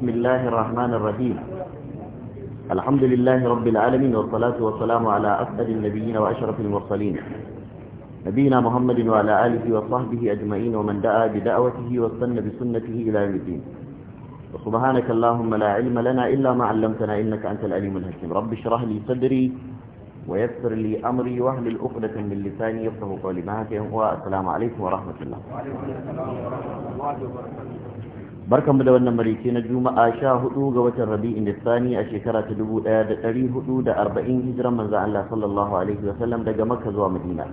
بسم الله الرحمن الرحيم الحمد لله رب العالمين والصلاة والسلام على أفضل النبيين وأشرف المرسلين نبينا محمد وعلى آله وصحبه أجمعين ومن دعا بدعوته واستنى بسنته إلى يوم الدين وسبحانك اللهم لا علم لنا إلا ما علمتنا إنك أنت العليم الحكيم رب اشرح لي صدري ويسر لي أمري وأهل الأخرة من لساني يفقهوا قولي معك والسلام عليكم ورحمة الله وعليكم السلام ورحمة الله وبركاته barkanmu da wannan marice na juma'a sha hudu ga watan rabi'in da tsani a shekara ta dubu daya da dari hudu da arba'in hijiran manzo Allah sallallahu alaihi wa sallam daga makka zuwa madina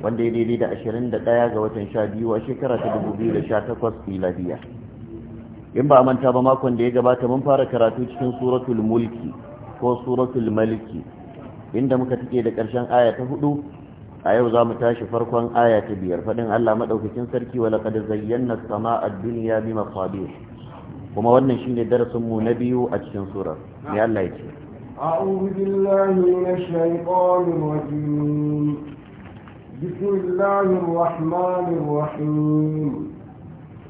wanda ya daidai da ashirin da daya ga watan sha biyu a shekara ta dubu biyu da sha takwas miladiya in ba a manta ba makon da ya gabata mun fara karatu cikin suratul mulki ko suratul maliki inda muka take da karshen aya ta hudu a yau za mu tashi farkon aya ta biyar faɗin Allah maɗaukakin sarki wa laƙada zayyana sama a duniya bi mafabir kuma wannan shi ne mu na biyu a cikin surar mai Allah ya ce أعوذ بالله من الشيطان الرجيم بسم الله الرحمن الرحيم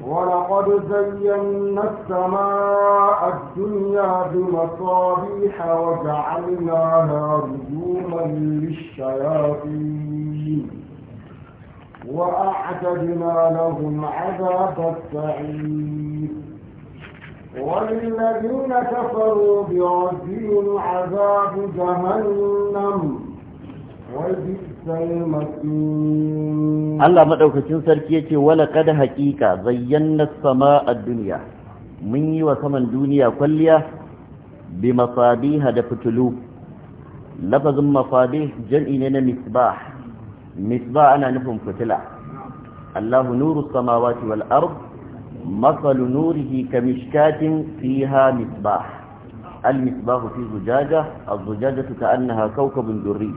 ولقد زينا السماء الدنيا بمصابيح وجعلناها رجوما للشياطين الرجيم لهم عذاب السعير وللذين كفروا بربهم عذاب جهنم Allah maɗaukacin sarki ya ce wala kada haƙiƙa zayyannar sama a duniya mun yi wa saman duniya kwalliya bi mafabiha da fitilu lafazin mafabih jam'i ne na misbah misba ana nufin fitila Allahu nuru samawati wal ard masal nurihi kamishkatin fiha misbah al misbah fi zujaja al zujaja ka'annaha kawkabun durri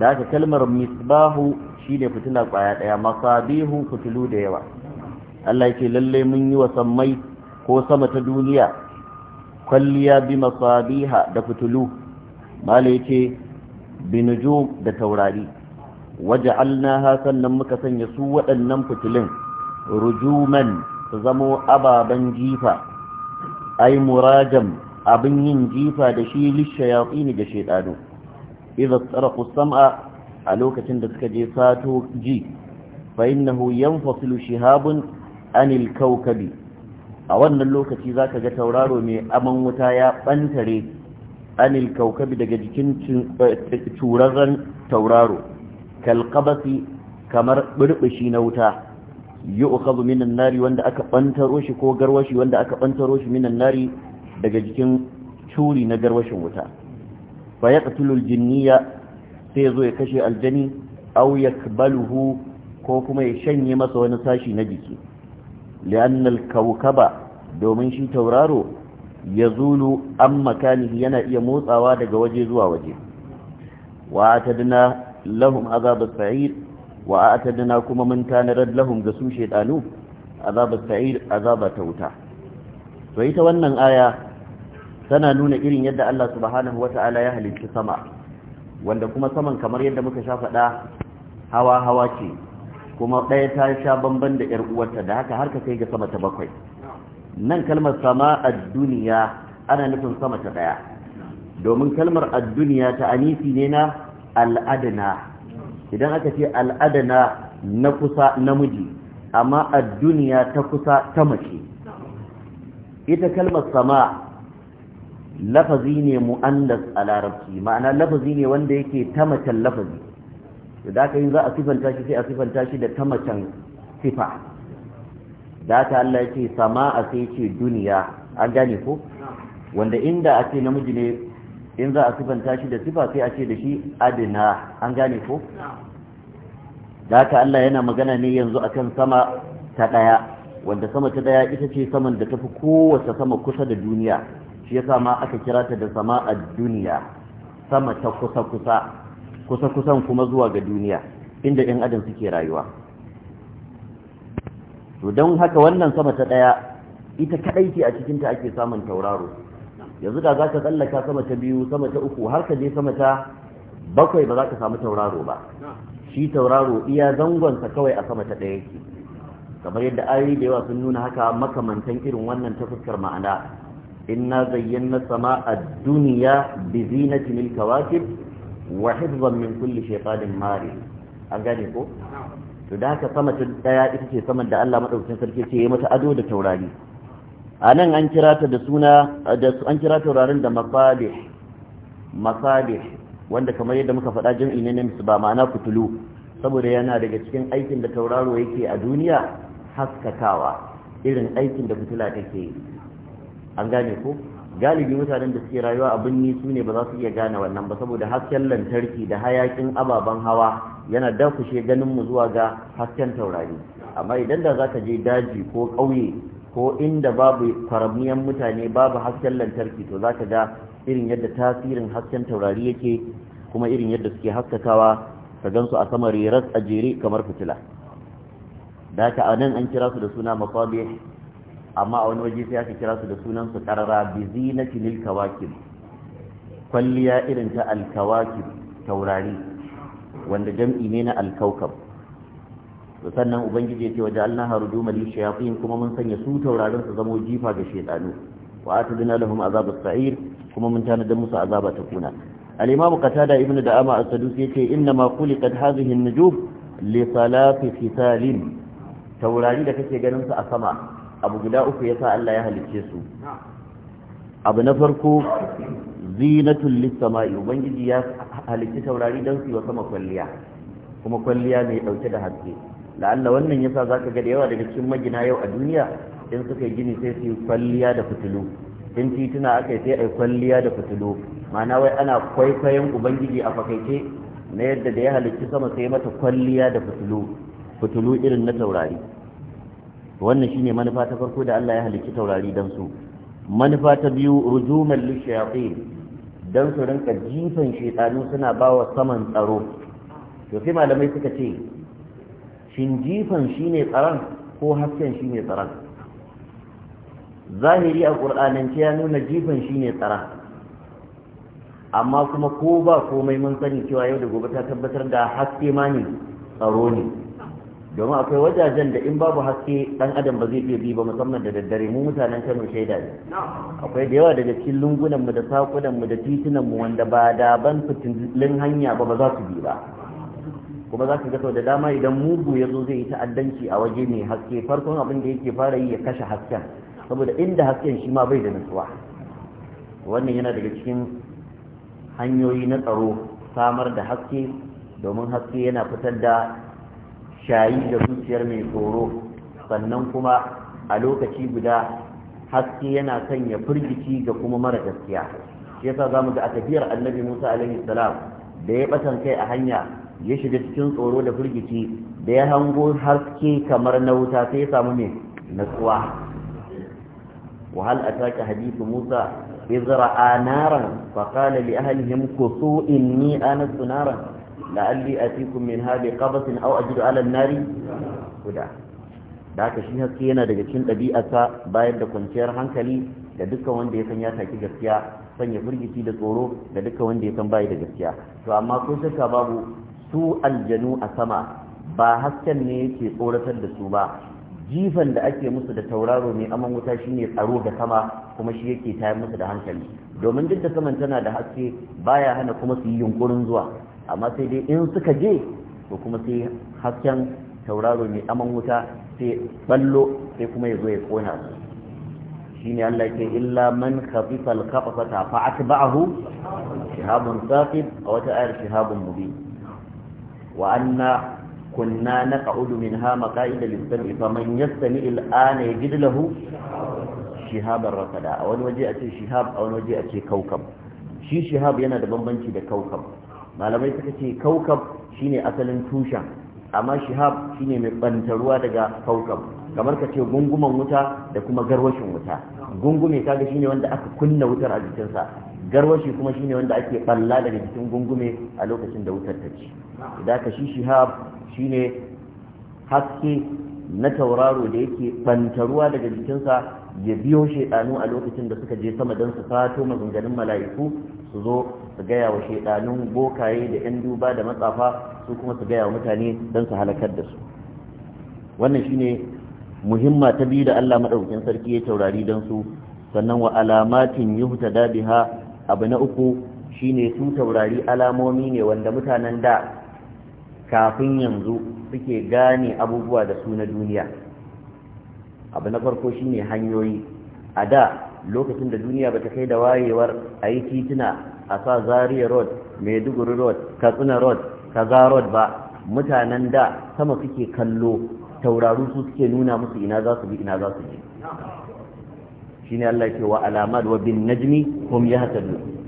da ka kalmar misbah shine fitila kwaya daya masabihu fitilu da yawa Allah yake lalle mun yi wa sammai ko sama ta duniya kwalliya bi masabiha da fitilu malai yake binujum da taurari waja'alnaha sannan muka sanya su waɗannan fitilin rujuman su zamo ababen jifa ai murajam abin yin jifa da shi lishayatsini ga shaidanu idza tsaraku sam'a a lokacin da suka je sato ji fa innahu yanfasilu shihabun anil kawkabi a wannan lokaci zaka ga tauraro mai aman wuta ya bantare anil kawkabi daga jikin curarren tauraro kalqabasi kamar burbushi na wuta yu'khadhu minan nari wanda aka bantaro shi ko garwashi wanda aka bantaro shi minan nari daga jikin curi na garwashin wuta fa yaqtulul jinniya sai zo ya kashe aljani aw yakbaluhu ko kuma ya shanye masa wani sashi na jiki li'anna al-kawkaba domin shi tauraro yazulu an makanihi yana iya motsawa daga waje zuwa waje wa tadna lahum Azabat sa'ir wa a'tadna kuma mun tanarar lahum ga su shedanu azabas sa'ir azaba wuta to ita wannan aya tana nuna irin yadda Allah subhanahu wata'ala ya halicci sama wanda kuma saman kamar yadda muka sha hawa hawa ce kuma ɗaya ta sha bamban da 'yar uwarta da haka har ka kai ga sama ta bakwai nan kalmar sama a duniya ana nufin sama ta daya domin kalmar a duniya ta anisi ne na al'adana idan aka ce al'adana na kusa namiji amma a duniya ta kusa ta mace ita kalmar sama lafazi ne mu'andas a larabci ma'ana lafazi ne wanda yake ta macen lafazi da aka yi za a sifanta shi sai a sifanta shi da ta macen sifa da aka Allah ya ce sama a sai ce duniya an gane ko wanda inda a ce namiji ne in za a sifanta shi da sifa sai a ce da shi adina an gane ko da haka Allah yana magana ne yanzu akan sama ta ɗaya, wanda sama ta ɗaya ita ce saman da tafi kowace sama kusa da duniya shi yasa ma aka kira ta da sama a duniya sama ta kusa kusa kusa kusan kuma zuwa ga duniya inda yan adam suke rayuwa to don haka wannan sama ta ɗaya ita kadai ce a cikinta ta ake samun tauraro yanzu da za ka tsallaka sama ta biyu sama ta uku har ka je sama ta bakwai ba za ka samu tauraro ba shi tauraro iya zangonsa kawai a sama ta ɗaya yake kamar yadda ayoyi da yawa sun nuna haka makamantan irin wannan ta fuskar ma'ana inna zayyana sama a duniya bi zinati lil kawakib wa hifzan min kulli shaytanin mari an gane ko to da haka sama ta ɗaya ita ce saman da Allah madaukakin sarki ce ya mata ado da taurari a nan an kira ta da suna an kira taurarin da masalih masalih wanda kamar yadda muka faɗa jami'i ne na ba ma'ana kutulu saboda yana daga cikin aikin da tauraro yake a duniya haskakawa irin aikin da fitila take yi an gane ko galibi mutanen da suke rayuwa a birni su ne ba za su iya gane wannan ba saboda hasken lantarki da hayakin ababen hawa yana dakushe ganin mu zuwa ga hasken taurari amma idan da za ka je daji ko ƙauye ko inda babu faramiyan mutane babu hasken lantarki to za ka ga irin yadda tasirin hasken taurari yake kuma irin yadda suke haskakawa ka gansu a sama rirar a jere kamar fitila da ka nan an kira su da suna makwabe amma a wani waje sai aka kira su da sunan su Bizi na zinatil kawakib kwalliya irin ta alkawakib taurari wanda jam'i ne na alkaukab sannan ubangiji ya ce waje alnaha rujuma lil shayatin kuma mun sanya su taurarin su zamo jifa ga shaytanu wa atadna lahum azab sair kuma mun tanada musu azaba ta kuna al-imam qatada ibnu da'ama as-sadusi yace inna ma khuliqat hadhihi an-nujum li salati fitalin taurari da kake ganin su a sama abu guda uku yasa Allah ya halicce su abu na farko zinatul lis-sama'i ubangiji ya halicci taurari dan su wa sama kwalliya kuma kwalliya mai dauke da haske Da Allah, wannan yasa zaka ga da yawa daga cikin magina yau a duniya in suka yi gini sai su yi kwalliya da fitilu in tituna aka sai a yi kwalliya da fitilu ma'ana wai ana kwaikwayon ubangiji a fakaice na yadda da ya halicci sama sai mata kwalliya da fitilu fitilu irin na taurari wannan shine manufa ta farko da Allah ya halicci taurari dan su manufa ta biyu rujuman lishayatin dan su rinka jifan shaytanu suna bawa saman tsaro to sai malamai suka ce shin jifan shine tsaron ko hasken shine tsaron zahiri a ƙur'anance ya nuna jifan shine tsaron amma kuma ko ba komai mun sani cewa yau da gobe ta tabbatar da haske ma ne tsaro ne domin akwai wajajen da in babu haske dan adam ba zai iya bi ba musamman da daddare mu mutanen Kano shaida ne akwai da yawa daga cikin lungunanmu da saƙunanmu da titunanmu wanda ba da ban fitilin hanya ba ba za su bi ba kuma za ka ga da dama idan mugu ya zo zai yi ta'addanci a waje mai haske farkon abin da yake fara yi ya kashe hasken saboda inda hasken shi ma bai da nutsuwa wannan yana daga cikin hanyoyi na tsaro samar da haske domin haske yana fitar da shayi da zuciyar mai tsoro sannan kuma a lokaci guda haske yana sanya firgici ga kuma mara gaskiya shi yasa mu ga a tafiyar annabi Musa alaihi salam da ya batan kai a hanya ya shiga cikin tsoro da firgici da ya hango haske kamar na wuta sai ya samu mai natsuwa wahal take hadithu musa إذ رأى in فقال لأهلهم su naran la'alli a cikin أتيكم منها بقبس أو أجد alal النار هدى da aka shi haske yana daga cikin ɗabi'arsa bayan da kwanciyar hankali da duka wanda ya san ya taki gaskiya sanya firgici da tsoro da duka wanda ya san bayi da gaskiya to amma ko shakka babu su aljanu a sama ba hasken ne yake tsoratar da su ba jifan da ake musu da tauraro mai aman wuta shine tsaro da sama kuma shi yake tayar musu da hankali domin duk da saman tana da haske baya hana kuma su yi yunkurin zuwa amma sai dai in suka je to kuma sai hasken tauraro mai aman wuta sai ballo sai kuma ya zo ya kona su shine Allah ke illa man khafifa al-khafata fa atba'ahu shihabun saqib aw ta'ar shihabun mubin وأنا كنا نقعد منها مقائد للسمع فمن يستمع الآن يجد له شهابا رصدا أو أن وجئت شهاب أو أن وجئت كوكب shi shihab yana da bambanci da kaukab malamai suka ce kaukab shine asalin tushen amma shihab shine mai bantaruwa daga kaukab kamar ka ce gunguman wuta da kuma garwashin wuta gungume kaga shine wanda aka kunna wutar a jikinsa garwashi kuma shine wanda ake balla daga jikin gungume a lokacin da wutar ta ci da ka shi shihab shine haske na tauraro da yake ruwa daga jikinsa ya biyo shaidanu a lokacin da suka je sama don su fato maganganun mala'iku su zo su gaya wa shaidanun bokaye da 'yan duba da matsafa su kuma su gaya wa mutane don su halakar da su wannan shine muhimma ta biyu da Allah maɗaukin sarki ya taurari don su sannan wa alamatin yuhtada biha abu na uku shine su taurari alamomi ne wanda mutanen da kafin yanzu suke gane abubuwa da su na duniya abu na farko shine hanyoyi a da lokacin da duniya bata kai da wayewar a yi tituna a sa Zariya road maiduguri road katsina road kaza road ba mutanen da sama suke kallo tauraru su suke nuna musu ina za su bi ina za su je shine Allah ke wa alamad wa bin najmi hum yahtadun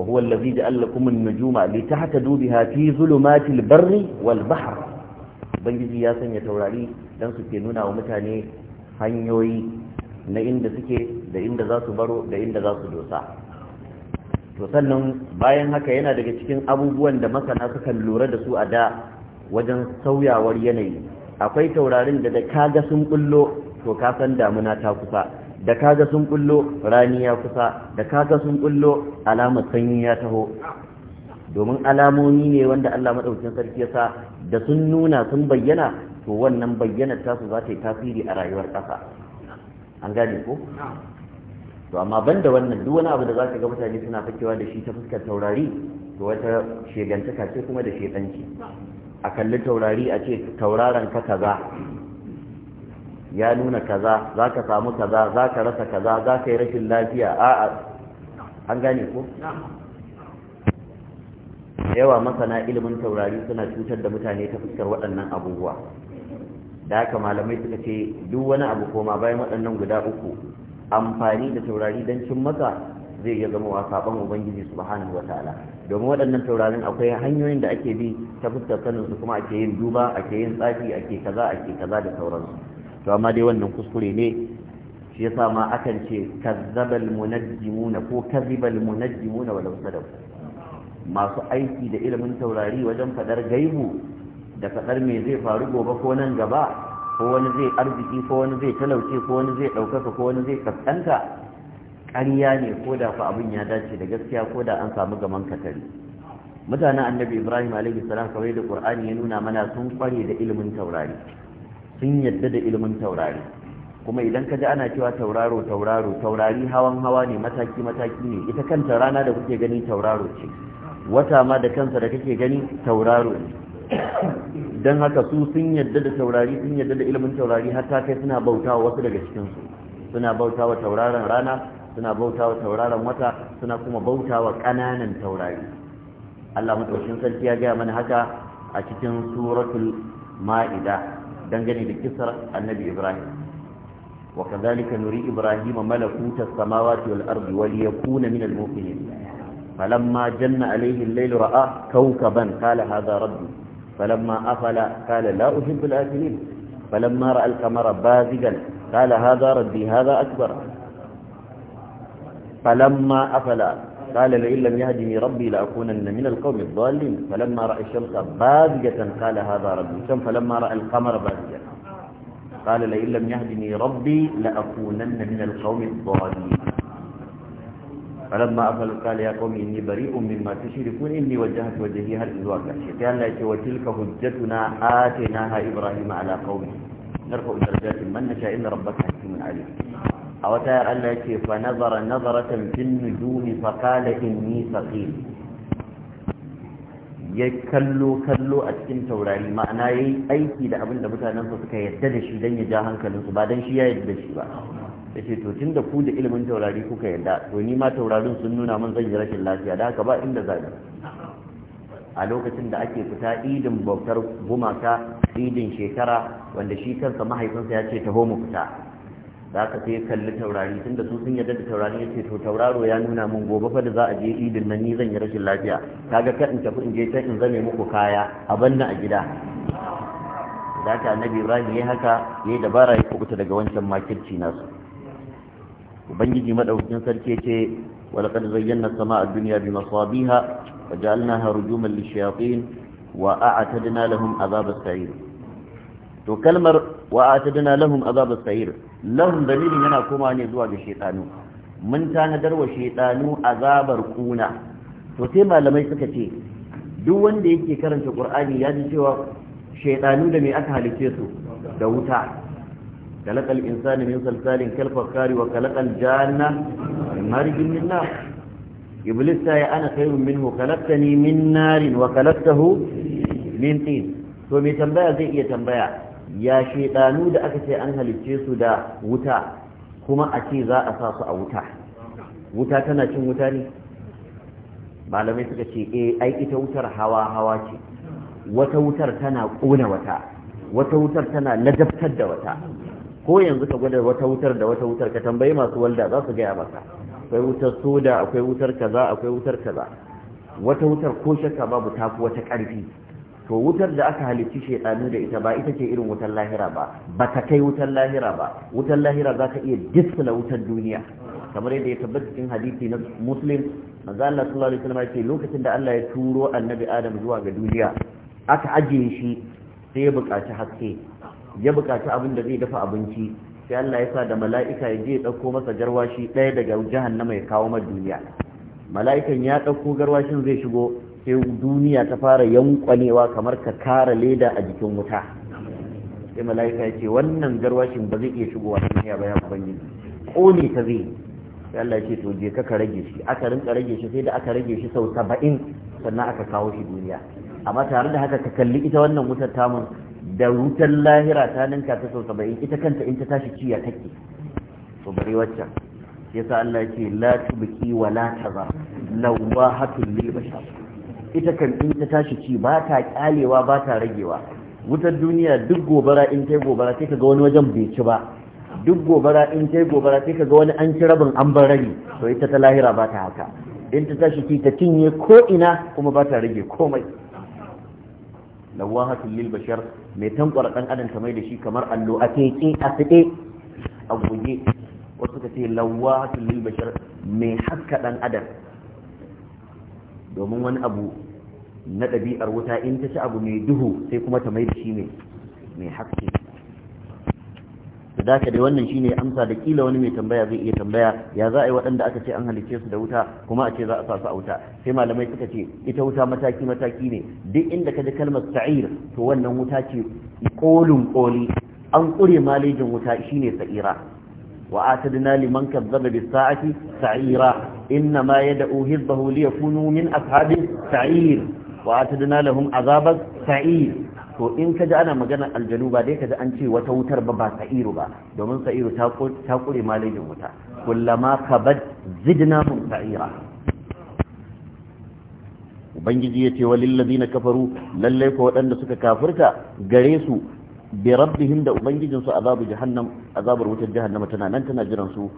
وهو الذي جعل لكم النجوم لتهتدوا بها في ظلمات البر والبحر ubangiji ya sanya taurari don su nuna wa mutane hanyoyi na inda suke da inda za su baro da inda za su dosa to sannan bayan haka yana daga cikin abubuwan da masana sukan lura da su a da wajen sauyawar yanayi akwai taurarin da da kaga sun bullo to ka san damuna ta kusa da kaga sun kullo rani ya kusa da kaga sun kullo alamar sanyi ya taho domin alamomi ne wanda Allah madaukakin sarki ya sa da sun nuna sun bayyana to wannan bayyanar su za ta yi tasiri a rayuwar ƙasa an gane ko to amma banda wannan duk wani abu da zaka ga mutane suna fakewa da shi ta fuskar taurari to wata shegantaka ce kuma da shedanci a kalli taurari a ce tauraron ka kaza ya nuna kaza za ka samu kaza za ka rasa kaza za ka yi rashin lafiya a'a an gane ko yawa masana ilimin taurari suna cutar da mutane ta fuskar waɗannan abubuwa da haka malamai suka ce duk wani abu koma bayan waɗannan guda uku amfani da taurari don cin masa zai iya zama wa saɓon ubangiji subhanahu wataala domin waɗannan taurarin akwai hanyoyin da ake bi ta fuskar sanin su kuma ake yin duba ake yin tsafi ake kaza ake kaza da sauransu to amma dai wannan kuskure ne shi yasa ma akan ce kazzabal munajjimuna ko kazibal munajjimuna walau sadaq masu aiki da ilimin taurari wajen fadar gaibu da fadar me zai faru gobe ko nan gaba ko wani zai arziki ko wani zai talauce ko wani zai ɗaukaka ko wani zai kaskanta ƙarya ne ko da fa abin ya dace da gaskiya ko da an samu gaman katari mutanen annabi ibrahim alaihi salam kawai da qur'ani ya nuna mana sun kware da ilimin taurari sun yadda da ilimin taurari kuma idan ka ji ana cewa tauraro tauraro taurari hawan hawa ne mataki mataki ne ita kanta rana da kuke gani tauraro ce wata ma da kansa da kake gani tauraro ne don haka su sun yadda da taurari sun yadda da ilimin taurari har ta kai suna bauta wa wasu daga cikinsu suna bauta wa tauraron rana suna bauta wa tauraron wata suna kuma bauta wa ƙananan taurari Allah mutashin sarki ya gaya mana haka a cikin suratul ma'ida dangane da kisar annabi ibrahim wa kadhalika nuri ibrahim malakuta samawati wal ardi wal yakuna min al muqinin falamma janna alayhi al layl ra'a kawkaban qala hadha rabbi falamma afala qala la uhibbu al afilin falamma ra'a al qamara bazigan qala hadha rabbi hadha akbar falamma afala قال لئن لم يهدني ربي لأكونن من القوم الضالين فلما رأى الشمس بازجة قال هذا ربي فلما رأى القمر بازجة قال لئن لم يهدني ربي لأكونن من القوم الضالين فلما أفل قال يا قوم إني بريء مما تشركون إني وجهت وجهي هل إذ واقع قال لك وتلك حجتنا آتيناها إبراهيم على قومه نرفع درجات من نشاء إن ربك حكيم عليم a wata yar Allah yake fa nazara nazaratan fil nujumi fa qala inni saqim ya kallo kallo a cikin taurari ma'ana yayi aiki da abin da mutanen su suka yadda da shi dan ya ja hankalin su ba dan shi ya yadda da shi ba yace to tunda ku da ilimin taurari kuka yadda to ni ma taurarin sun nuna min zan yi rashin lafiya da haka ba inda zabi a lokacin da ake fita idin bautar gumaka idin shekara wanda shi kansa mahaifinsa ya ce taho mu fita za ka sai kalli taurari tun da su sun yarda da taurari ya ce to tauraro ya nuna min gobe fa da za a je idin nan ni zan yi rashin lafiya kaga kan in tafi in je can in zame muku kaya a banna a gida da ta annabi ibrahim ya haka ya dabara ya kubuta daga wancan makirci nasu ubangiji madaukakin sarki ce ولقد زينا السماء الدنيا بمصابيها وجعلناها رجوما للشياطين lahum لهم عذاب السعير to kalmar wa atadna lahum azab as-sa'ir lahum dalilin yana koma ne zuwa ga shaytanu mun tanadar wa shaytanu azabar kuna to sai malamai suka ce duk wanda yake karanta qur'ani ya ji cewa shaytanu da me aka halice su da wuta kalakal insani min salsalin kal fakkari wa kalakal janna min marjin min nar iblis sai ana khairun minhu kalaktani min narin wa kalaktahu min tin to me tambaya zai iya tambaya ya shaidanu da aka ce an halicce su da wuta kuma a ce za a sa su a wuta wuta tana cin wuta ne malamai suka ce eh ai ita wutar hawa hawa ce wata wutar tana kona wata wata wutar tana ladabtar da wata ko yanzu ka gwada wata wutar da wata wutar ka tambayi masu walda za su gaya maka akwai wutar soda akwai wutar kaza akwai wutar kaza wata wutar ko shakka babu tafi wata ƙarfi to wutar da aka halicci shaidanu da ita ba ita ce irin wutar lahira ba ba ta kai wutar lahira ba wutar lahira za ka iya disla wutar duniya kamar yadda ya tabbata cikin hadisi na muslim manzo Allah sallallahu alaihi wasallam ce lokacin da Allah ya turo annabi Adam zuwa ga duniya aka ajiye shi sai ya buƙaci haske ya buƙaci abin da zai dafa abinci sai Allah ya sa da mala'ika ya je ya dauko masa garwashi ɗaya daga jahannama ya kawo masa duniya mala'ikan ya dauko garwashin zai shigo sai duniya ta fara yankwanewa kamar ka kara leda a jikin wuta sai mala'ika ya ce wannan garwashin ba zai iya shigowa cikin duniya ba ya ubangiji kone ta zai sai Allah ya ce to je ka rage shi aka rinka rage shi sai da aka rage shi sau saba'in sannan aka kawo shi duniya amma tare da haka ka kalli ita wannan wutar ta mun da wutar lahira ta ninka ta sau saba'in ita kanta in ta tashi ciya take to bari waccan yasa Allah ya ce la tubqi wa la tazar lawahatul lil bashar ita kan in ta tashi ci ba ta kyalewa ba ta ragewa wutar duniya duk gobara in ta gobara sai ka ga wani wajen bai ci ba duk gobara in ta gobara sai ka ga wani an ci rabin an bar rage to ita ta lahira ba ta haka in ta tashi ci ta cinye ko ina kuma ba ta rage komai lawahatu lil bashar mai tankwar dan adam ta mai da shi kamar allo a teke a fide a goge wasu ka ce lawahatu lil bashar mai haska dan adam domin wani abu na ɗabi'ar wuta in ta ci abu mai duhu sai kuma ta mai da shi mai haske da dai wannan shi ne amsa da kila wani mai tambaya zai iya tambaya ya za a yi waɗanda aka ce an halicce su da wuta kuma a ce za a sa su a wuta sai malamai suka ce ita wuta mataki mataki ne duk inda ka ji kalmar sa'ir to wannan wuta ce kolin koli an ƙure malejin wuta shine sa'ira وآتدنا لمن كذب بالساعة سعيرا إنما يدعو هزبه ليكونوا من أصحاب سعير وآتدنا لهم عذاب سعير to in ka ji ana maganar aljanu ba dai ka an ce wata wutar ba ba sa'iru ba domin sa'iru ta kure malejin wuta kullama kabad zidna mun sa'ira ubangiji ya ce walillazina kafaru lallai ko waɗanda suka kafirta gare su bi rabbihim da ubangijin su azabu jahannam azabar wutar jahannama tana nan tana jiran su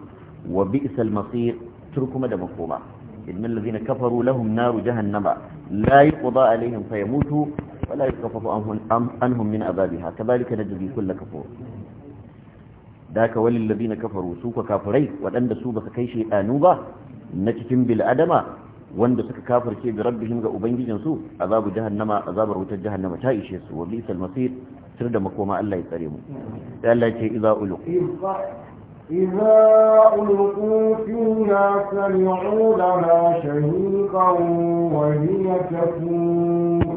wa bi'sal masir tur kuma da makoma innal ladhina kafaru lahum naru jahannama la yuqda alaihim fayamutu wa la yukhaffafu anhum anhum min azabiha kadhalika najzi kull kafur daka walil ladina kafaru su ka kafirai wadanda su baka kai shedanu ba na cikin bil adama wanda suka kafirce bi rabbihim ga ubangijin su azabu jahannama azabar wutar jahannama ta ishe su wa bisal masir tur da makoma Allah ya tsare mu sai Allah ce idza ulqu idza ulqu fiha sami'u laha shahiqan wa hiya tafur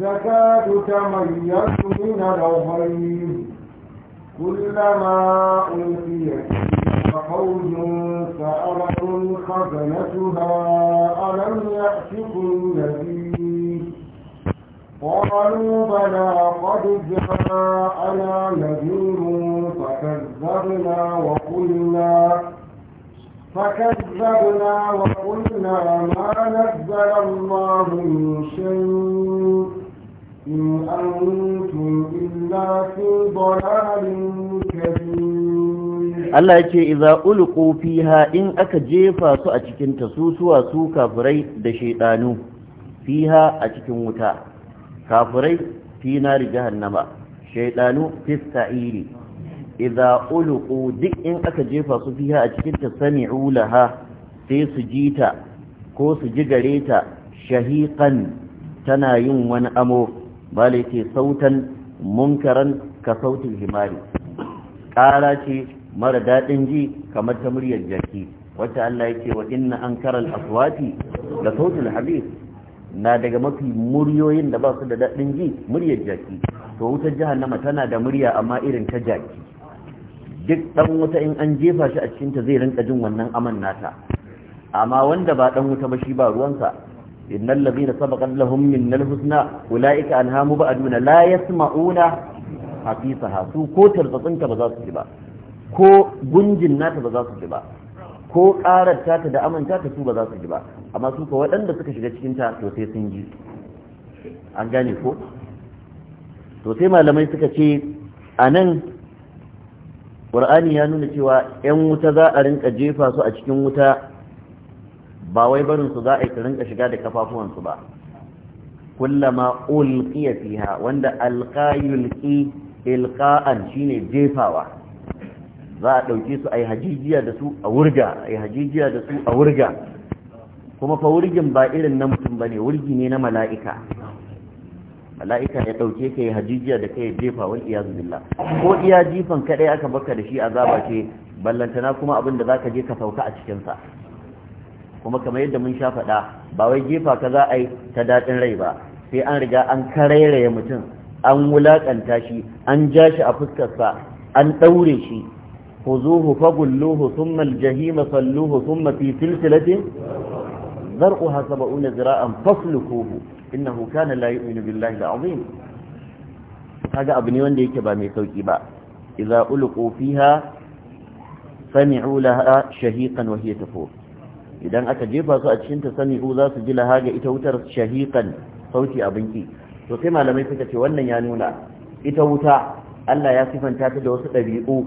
zakatu tamayyaz min al-ghayb كلما ألقي فوج سألهم خزنتها ألم يأتكم نذير قالوا بلى قد جاءنا نذير فكذبنا وقلنا فكذبنا وقلنا ما نزل الله من شيء إن أنتم إلا في ضلال كبير Allah ce iza ulqu fiha in aka jefa su a cikin tasusuwa su kafirai da shaidanu fiha a cikin wuta kafirai fi nari jahannama shaydanu fi sa'iri idza ulqu duk in aka jefa su fiha a cikin ta sami'u laha sai su jita ko su ji gare ta shahiqan tana yin wani amo bale ce sautan munkaran ka sautin himari ƙara ce mara daɗin ji kamar ta muryar jaki wacce Allah ya ce wa inna an karal aswati da sautin habib na daga mafi muryoyin da ba su da daɗin ji muryar jaki to wutar nama tana da murya amma irin ta jaki duk ɗan wuta in an jefa shi a cikinta zai rinka jin wannan aman nata amma wanda ba ɗan wuta ba shi ba ruwansa innal ladhina sabaqa lahum minnal husna ulaika anha mubaduna la yasma'una hafisaha su ko tarzatsinta ba za su ji ba ko gunjin nata ba za su ji ba ko ƙarar tata da aminta ta su ba za su ji ba amma su ka waɗanda suka shiga cikin ta to sai sun ji an gane ko to sai malamai suka ce a nan ƙur'ani ya nuna cewa 'yan wuta za a rinka jefa su a cikin wuta ba wai barin su za a yi rinka shiga da kafafuwansu ba kullama ulqiya fiha wanda alqa yulqi ilqa'an shine jefawa za a ɗauke su a yi hajijiya da su a wurga a yi hajijiya da su a wurga kuma fa wurgin ba irin na mutum ba ne wurgi ne na mala'ika mala'ika ya ɗauke ka yi hajijiya da kai jefa wani iya billah ko iya jifan kaɗai aka baka da shi a ce ballantana kuma abin da za ka je ka sauka a cikinsa kuma kamar yadda mun sha faɗa ba wai jefa ka za a yi ta daɗin rai ba sai an riga an karairaya mutum an wulaƙanta shi an ja shi a fuskarsa an ɗaure shi خذوه فغلوه ثم الجهيم صلوه ثم في سلسلة ذرعها سبعون ذراعا فاسلكوه إنه كان لا يؤمن بالله العظيم هذا أبني وان ديك بامي سوكي إذا ألقوا فيها سمعوا لها شهيقا وهي تفور idan aka jefa su a cikin ta sani ko za ji lahaga ita wutar shahiqan sauti abinki to sai malamai fita ce wannan ya nuna ita wuta Allah ya sifanta ta da wasu ɗabi'u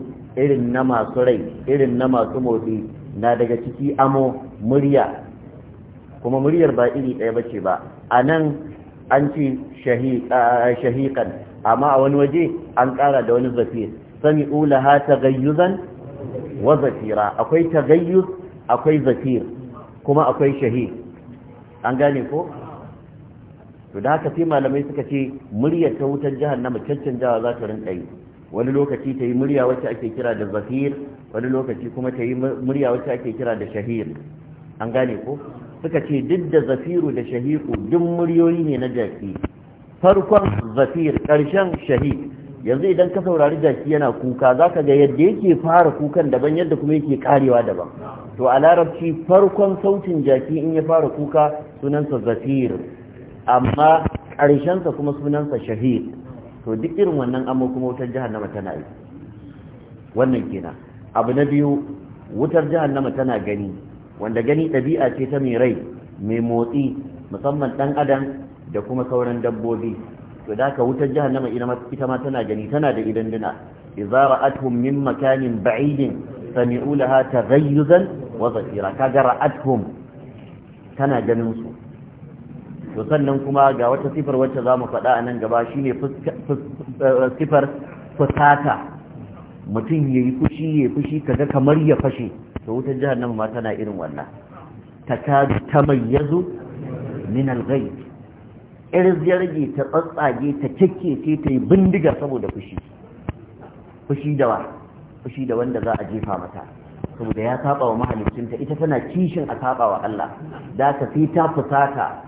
irin na masu rai irin na masu motsi na daga ciki amo murya kuma muryar ba iri ɗaya ba ce ba a nan an ci shahiƙan amma a wani waje an ƙara da wani zafi sami ulaha zan wa zafira akwai ta tagayyuz akwai zafir kuma akwai shahi an gane ko to da haka sai malamai suka ce muryar ta wutar jahannama jawa za ta rinka yi wani lokaci ta yi murya wacce ake kira da zafir wani lokaci kuma ta yi murya wacce ake kira da shahir an gane ko suka ce duk da zafiru da shahiru duk muryoyi ne na jaki farkon zafir ƙarshen shahid yanzu idan ka saurari jaki yana kuka za ka ga yadda yake fara kukan daban yadda kuma yake karewa daban to a larabci farkon sautin jaki in ya fara kuka sunansa zafir amma ƙarshensa kuma sunansa shahid to duk irin wannan amma kuma wutar jahannama tana yi wannan kenan abu na biyu wutar jahannama tana gani wanda gani ɗabi'a ce ta mai rai mai motsi musamman ɗan adam da kuma sauran dabbobi to da ka wutar jahannama ita ma tana gani tana da idan dina idza ra'atuhum min makanin ba'idin sami'u laha taghayyuzan wa zafira kaga ra'atuhum tana ganin su to sannan kuma ga wata sifar wacce za mu faɗa a nan gaba shi ne eh, sifar fusata mutum ya yi fushi ya yi fushi kaga kamar ya fashe to wutar jihar nan ma tana irin wannan ta ta mayyazu min alghayb irin ya rage ta tsatsage ta ce ta yi bindiga saboda fushi fushi da wa fushi da wanda za a jefa mata saboda ya saba wa mahaliccinta ita tana kishin a saba wa Allah da ka sai ta fusata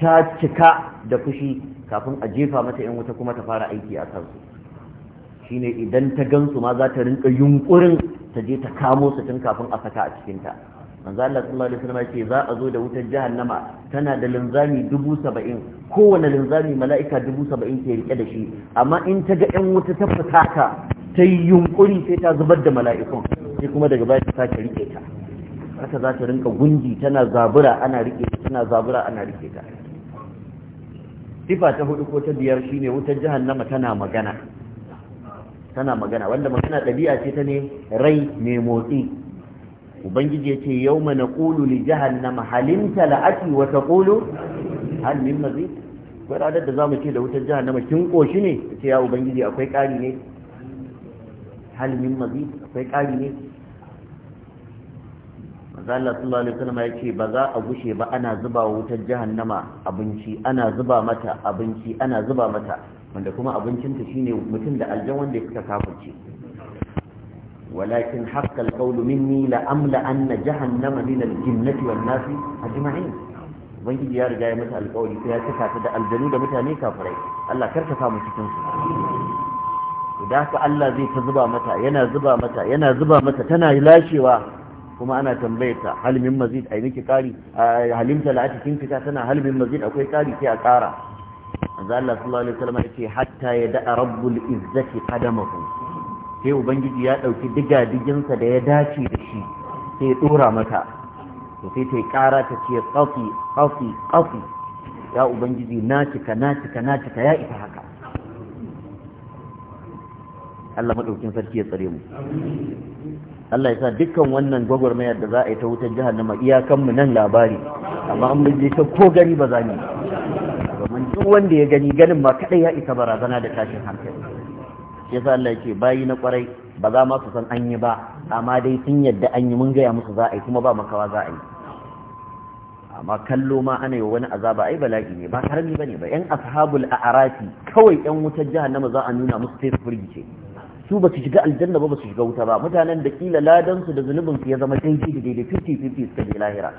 ta cika da fushi kafin a jefa mata yan wuta kuma ta fara aiki a kansu shine idan ta gansu ma za ta rinka yunkurin ta je ta kamo su tun kafin a saka a cikinta manzo Allah sallallahu alaihi wasallam ce za a zo da wutar jahannama tana da linzami dubu saba'in kowane linzami mala'ika dubu ke rike da shi amma in ta ga yan wuta ta fita ta yi yunkuri sai ta zubar da mala'ikun sai kuma daga baya ta sake rike ta haka za ta rinka gunji tana zabura ana rike ta tana zabura ana rike ta sifa ta hudu ko ta biyar shine wutar jahannama tana magana tana magana wanda magana ɗabi'a ce ta ne rai mai motsi ubangiji ya ce yau mana ƙulu li jahannama halinta la'ati wa ta ƙulu hal min mazi ko ranar da za ce da wutar jahannama kin ƙoshi ne ce ya ubangiji akwai ƙari ne hal min mazi akwai ƙari ne manzo Allah sallallahu alaihi wasallam yace ba za a gushe ba ana zuba wa wutar jahannama abinci ana zuba mata abinci ana zuba mata wanda kuma abincin ta shine mutum da aljan wanda ya suka kafirce walakin haqqal qawlu minni la amla anna jahannama min al-jinnati wan nasi ajma'in ubangiji ya riga ya mata alƙawari sai ya cika ta da aljanu da mutane kafirai Allah kar sa mu cikin su da haka Allah zai ta zuba mata yana zuba mata yana zuba mata tana lashewa kuma ana tambayar ta halimin mazid ai nake kari halimta la'ati kin fita tana halimin mazid akwai kari sai a kara manzo Allah sallallahu alaihi wasallam yace hatta da rabbul izzati qadamahu sai ubangiji ya dauki diga diginsa da ya dace da shi sai ya dora mata to sai ta kara ta ce qafi qafi qafi ya ubangiji na cika na cika na cika ya ita haka Allah madaukin sarki ya tsare mu amin Allah ya sa dukkan wannan gwagwarmayar da za a yi ta wutar jahannama iyakanmu nan labari amma an mun je ta ko gani ba za ni domin duk wanda ya gani ganin ma kadai ya isa barazana da tashin hankali shi yasa Allah yake bayi na kwarai ba za ma su san an yi ba amma dai sun yadda an yi mun gaya musu za a yi kuma ba makawa za a yi amma kallo ma ana yi wani azaba ai bala'i ne ba karami bane ba yan ashabul a'rafi kawai yan wutar jahannama za a nuna musu sai su furgice su ba su shiga aljanna ba ba su shiga wuta ba mutanen da kila ladan su da zunubin su ya zama daidai da daidai 50-50 suka je lahira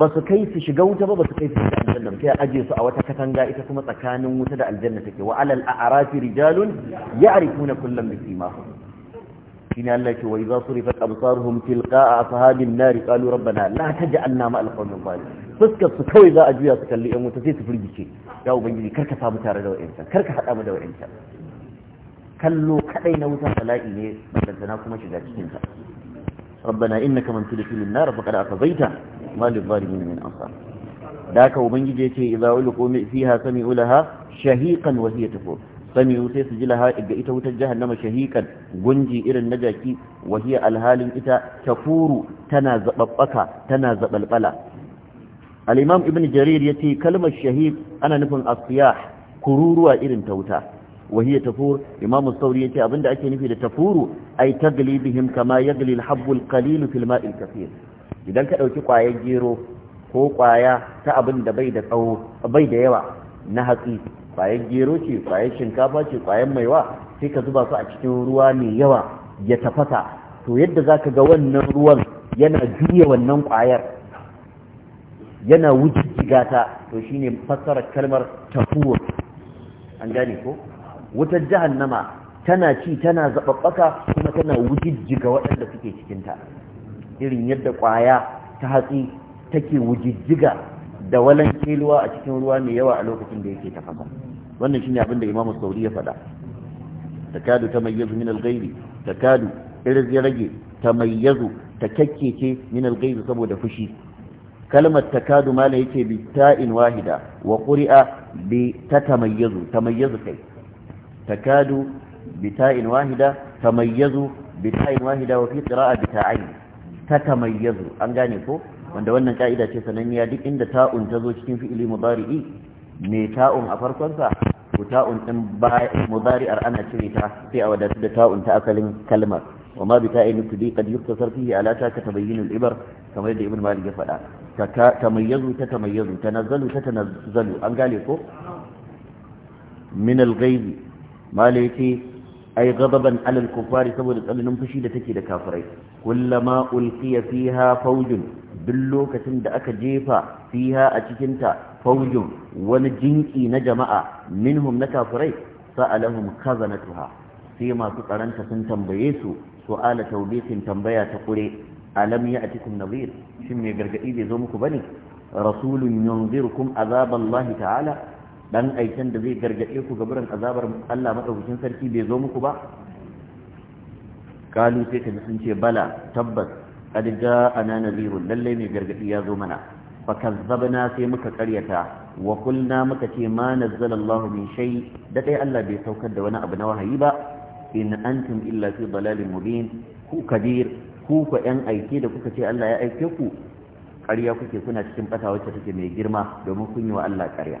ba su kai su shiga wuta ba ba su kai su shiga aljanna ba sai aje su a wata katanga ita kuma tsakanin wuta da aljanna take wa alal a'rafi rijalun ya'rifuna kullam bi simahum shine Allah ke wa idza surifat absaruhum tilqa'a ashabin nar qalu rabbana la taj'alna ma'al qawmin zalimin fuskar su kawai za a juya su kalli yan wuta sai su firgice ya ubangiji karka samu tare da wa'ancan karka hada mu da wa'ancan kallo kadai na wuta bala'i ne ballantana kuma shiga cikin ta rabbana innaka man tudkhilun nar faqad afazaita ma lil zalimin min ansar da ka ubangiji yace idza ulqu fiha sami'u laha shahiqan wa hiya tafur sami'u sai su ji laha ga ita wutar jahannama shahiqan gunji irin na jaki wa hiya alhalin ita tafuru tana zababbaka tana zabalbala al-imam ibn jarir ce kalmar shahiq ana nufin asiyah kururuwa irin ta wuta Wahi وهي تفور امام الثوري يتي ابنده ake nufi da tafuru ai tagli bihim kama yagli alhabu Kalilu, fi alma' idan ka ɗauki kwayar gero ko kwaya ta abinda bai da bai da yawa na hatsi kwayar gero ce kwayar shinkafa ce kwayar maiwa sai ka zuba su a cikin ruwa mai yawa ya tafasa to yadda zaka ga wannan ruwan yana juya wannan kwayar yana wuce gata to shine fassarar kalmar tafuwa an gane ko wutar jahannama tana ci tana zaɓaɓɓaka kuma tana wujijjiga waɗanda suke cikinta irin yadda ƙwaya ta hatsi take wujijjiga da walan keluwa a cikin ruwa mai yawa a lokacin da yake tafasa wannan shine abin da imamu sauri ya faɗa takadu tamayyazu min al takadu irin ya rage tamayyazu ta kakkece min al saboda fushi kalmar takadu mala yake bi ta'in wahida wa quri'a bi tatamayyazu tamayyazu kai takadu bita'in wahida tamayyazu bita'in wahida wa fi qira'a bita'ain tatamayyazu an gane ko wanda wannan ka'ida ce sananniya duk inda ta'un ta zo cikin fi'ili mudari'i me ta'un a farkon sa ko ta'un din mudari'ar ana cire ta sai a wadatu da ta'un ta asalin kalmar wa ma bita'in tudi qad yuktasar fihi ala ta tabayyinul ibar kamar yadda ibn malik ya faɗa Ta ta ta تتميزوا تنزلوا تتنزلوا أنقالي فوق من الغيظ malai yace ay gababan alal kufari saboda tsananin fushi da take da kafirai kullama ulqiya fiha fawjun duk lokacin da aka jefa fiha a cikin ta fawjun wani jinki na jama'a minhum na kafirai sa'alahum tuha sai masu karanta sun tambaye su su'ala tawbisin tambaya ta kure alam ya'tikum nadhir shin me gargadi bai zo muku bane rasulun yunzirukum azaballahi ta'ala dan aiken da zai gargaɗe ku ga burin azabar Allah madaukakin sarki bai zo muku ba kalu sai kaji sun ce bala tabbas qad ja'ana nadhirun lalle mai gargadi ya zo mana fa kazzabna sai muka karyata wa muka ce ma nazzala Allah min shay da dai Allah bai saukar da wani abu na wahayi ba in antum illa fi dalalin mubin ku kadir ku ku yan aike da kuka ce Allah ya aike ku ƙarya kuke kuna cikin bata wacce take mai girma domin kun yi wa Allah ƙarya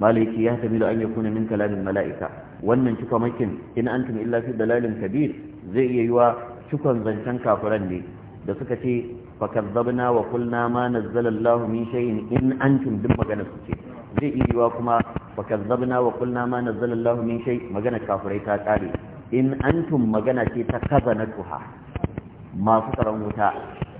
maliki ya tabi da an ya kuna min kalamin mala'ika wannan cikamakin in antum illafi da dalalin kabir zai iya yi wa cikon zancen kafiran ne da suka ce fakazzabna wa qulna ma nazzala Allah min shay'in in antum duk magana su ce zai iya yi wa kuma fakazzabna wa qulna ma nazzala Allah min shay magana kafirai ta kare in antum magana ce ta kaza na tuha masu tsaron wuta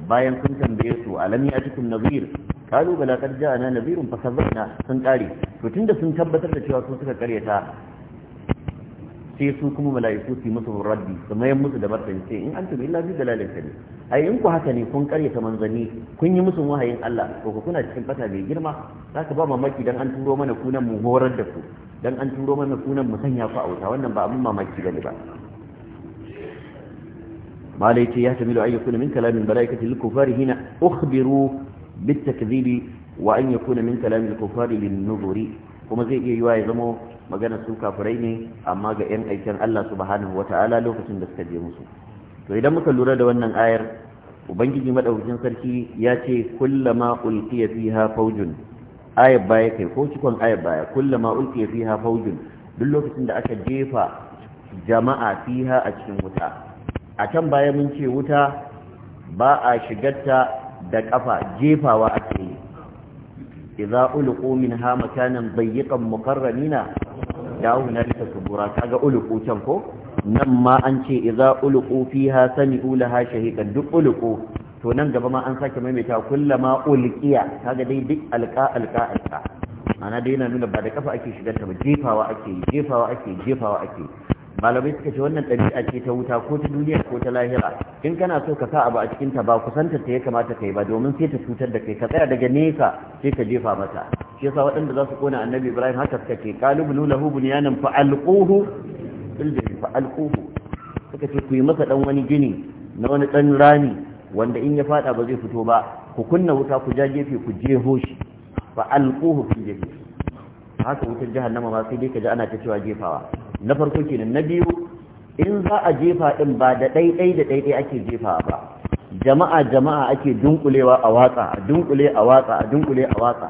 bayan sun tambaye su alam kun nazir kalu bala kad ja'ana fa sabbana sun kare to tunda sun tabbatar da cewa su suka karyata sai su kuma mala'iku su musu raddi su mayan musu da martani sai in antum illa bi dalalin ne ai in ku haka ne kun karyata manzani kun yi musu wahayin Allah ko ku kuna cikin fata mai girma za ka ba mamaki dan an turo mana kunan mu horar da ku dan an turo mana kunan mu sanya ku a wuta wannan ba abun mamaki bane ba ما ليتي يهتمل أن يكون من كلام الملائكة للكفار هنا أخبروا بالتكذيب وأن يكون من كلام الكفار للنظر kuma zai iya yiwa ya zamo magana su kafirai ne amma ga 'yan aikin Allah subhanahu ta'ala lokacin da suka je musu to idan muka lura da wannan ayar ubangiji madaukakin sarki ya ce kullama ulqiya fiha fawjun ayat baya kai ko cikon ayat baya kullama ulqiya fiha fawjun duk lokacin da aka jefa jama'a fiha a cikin wuta a can baya mun ce wuta ba a shigarta da ƙafa jefawa ake yi idza ulqu minha makanan dayyiqan muqarranina da hunalika subura ga ulqu can ko nan ma an ce idza ulqu fiha sami'u laha shahiqan duk ulqu to nan gaba ma an sake maimaita kulla ma kullama ulqiya ga dai duk alqa alqa alqa ana dai yana nuna ba da kafa ake shigar ta ba jefawa ake jefawa ake jefawa ake malamai suka ce wannan ɗabi'a ce ta wuta ko ta duniya ko ta lahira in kana so ka sa abu a cikin ta ba kusantar ta ya kamata ka yi ba domin sai ta cutar da kai ka tsaya daga nesa sai ka jefa mata shi yasa waɗanda za su kona annabi ibrahim haka suka ce qalibnu lahu bunyanan fa alquhu bil fa alquhu suka ce ku yi masa dan wani gini na wani dan rami wanda in ya fada ba zai fito ba ku kunna wuta ku ja gefe ku jeho shi fa alquhu fil jahim haka wutar jahannama ma sai dai ka ji ana ta cewa jefawa na farko kenan na biyu in za a jefa din ba da ɗaiɗai da ɗaiɗai ake jefa ba jama'a jama'a ake dunkulewa a watsa a dunkule a watsa a dunkule a watsa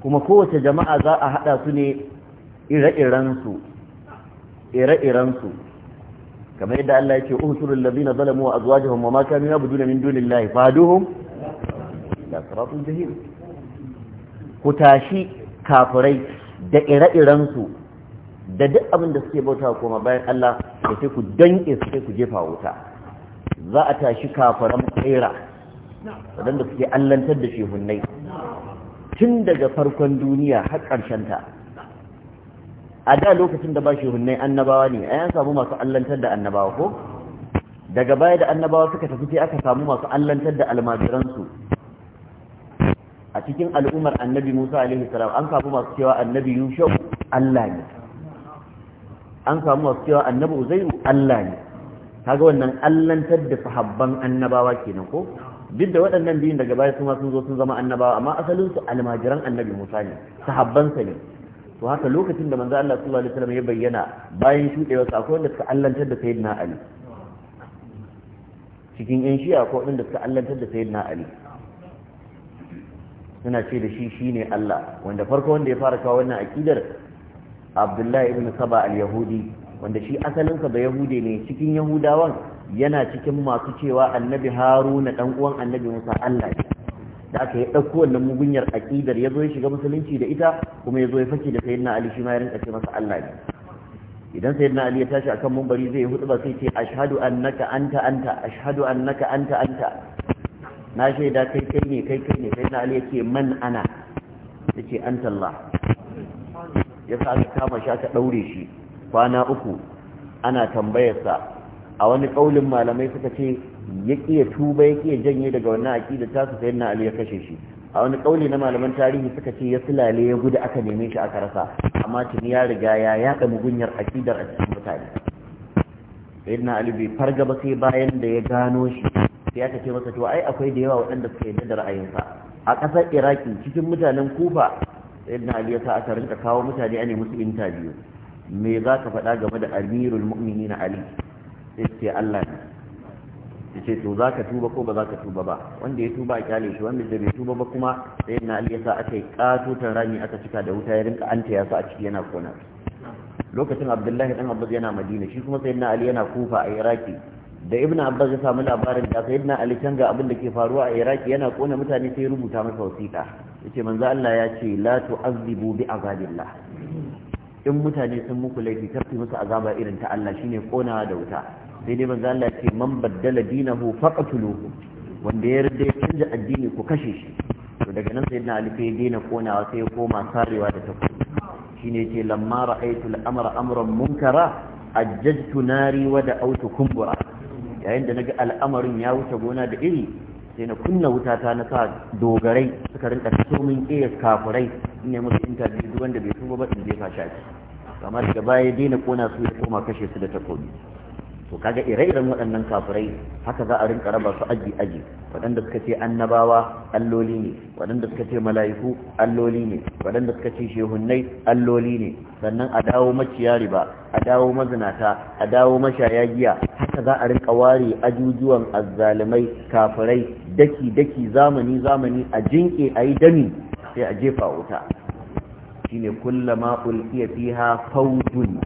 kuma kowace jama'a za a haɗa su ne ire-irensu ire-irensu kamar yadda Allah ya ce uhsurul ladina zalamu wa azwajuhum wa ma kanu yabuduna min dunillahi faduhum la siratul jahim ku tashi kafirai da ire-irensu da duk abin da suke bauta koma bayan Allah da sai ku danke su sai ku jefa wuta za a tashi kafaran tsira waɗanda suke allantar da shehunnai tun daga farkon duniya har ta. a da lokacin da ba shehunnai annabawa ne a yan samu masu allantar da annabawa ko daga baya da annabawa suka tafi sai aka samu masu allantar da almajiransu a cikin al'ummar annabi musa alaihi salam an samu masu cewa annabi yushau allah ne an samu masu cewa annabi uzairu allah ne kaga wannan allantar da sahabban annabawa kenan ko duk da waɗannan biyun daga baya su ma sun zo sun zama annabawa amma asalin su almajiran annabi musa ne sahabbansa ne to haka lokacin da manzo Allah sallallahu alaihi wasallam ya bayyana bayan shudewa sa akwai wanda suka allantar da sayyidina ali cikin yan shi'a akwai wanda suka allantar da sayyidina ali suna ce da shi ne Allah wanda farko wanda ya fara kawo wannan akidar Abdullahi ibn Saba al-Yahudi wanda shi asalinsa ba yahudi ne cikin Yahudawan yana cikin masu cewa Annabi Haruna dan uwan Annabi Musa Allah ne da aka yi ɗauko wannan mugunyar akidar ya zo ya shiga musulunci da ita kuma ya zo ya fake da sayyidina Ali shi ma ya rinka ce masa Allah ne idan sayyidina Ali ya tashi akan mumbari zai hudu ba sai ce ashhadu annaka anta anta ashhadu annaka anta anta na shaida kai kai ne kai kai ne sai na ali man ana yace anta ya sa aka kama shi aka daure shi kwana uku ana tambayarsa. sa a wani kaulin malamai suka ce ya ƙiya tuba ya ƙiya janye daga wannan akida ta su na ali ya kashe shi a wani kauli na malaman tarihi suka ce ya sulale ya gudu aka neme shi aka rasa amma tuni ya riga ya yaɗa mugunyar akidar a cikin mutane sayyidina ali bai fargaba sai bayan da ya gano shi sai aka ce masa to ai akwai da yawa waɗanda suka yarda da ra'ayinsa a ƙasar iraki cikin mutanen kufa sayyidina ali ya sa aka rinka kawo mutane a ne musu interview me za ka faɗa game da amirul mu'minin ali sai ce allah ne ya ce to za ka tuba ko ba za ka tuba ba wanda ya tuba a kyale shi wanda bai tuba ba kuma sai na ali yasa aka yi katotan rami aka cika da wuta ya rinka anta yasa a ciki yana kona lokacin abdullahi dan abbas yana madina shi kuma sai na ali yana kufa a iraki da ibn abbas ya samu labarin da sai na ali ga abin da ke faruwa a iraki yana kona mutane sai rubuta masa wasiƙa yace manzo Allah ya ce la tu'azibu bi azabillah in mutane sun muku laifi tafi musu azaba irin ta Allah shine kona da wuta sai dai manzo Allah ya ce man baddala dinahu faqtuluhu wanda ya rida ya canja addini ku kashe shi to daga nan sayyidina ali sai ya daina konawa sai ya koma sarewa da ta shine yace lamma ra'aytu al-amra amran munkara ajjajtu nari wa da'awtu kumbura yayin da naga al'amarin ya wuce gona da iri sai na kunna wuta ta na sa dogarai suka rinka fito min iya kafurai in ne musu interview duk wanda bai tuba ba in je ka kamar ciki amma daga baya na kona su ya koma kashe su da takobi to kaga ire-iren waɗannan kafirai haka za a rinka raba su aji aji waɗanda suka ce annabawa alloli ne waɗanda suka ce mala'iku alloli ne waɗanda suka ce shehunnai alloli ne sannan a dawo maciya riba a dawo mazinata a dawo mashaya giya haka za a rinka ware ajujuwan azzalumai kafirai daki daki zamani zamani a jinke a yi dami sai a jefa wuta shine kullama ulqiya fiha fawjun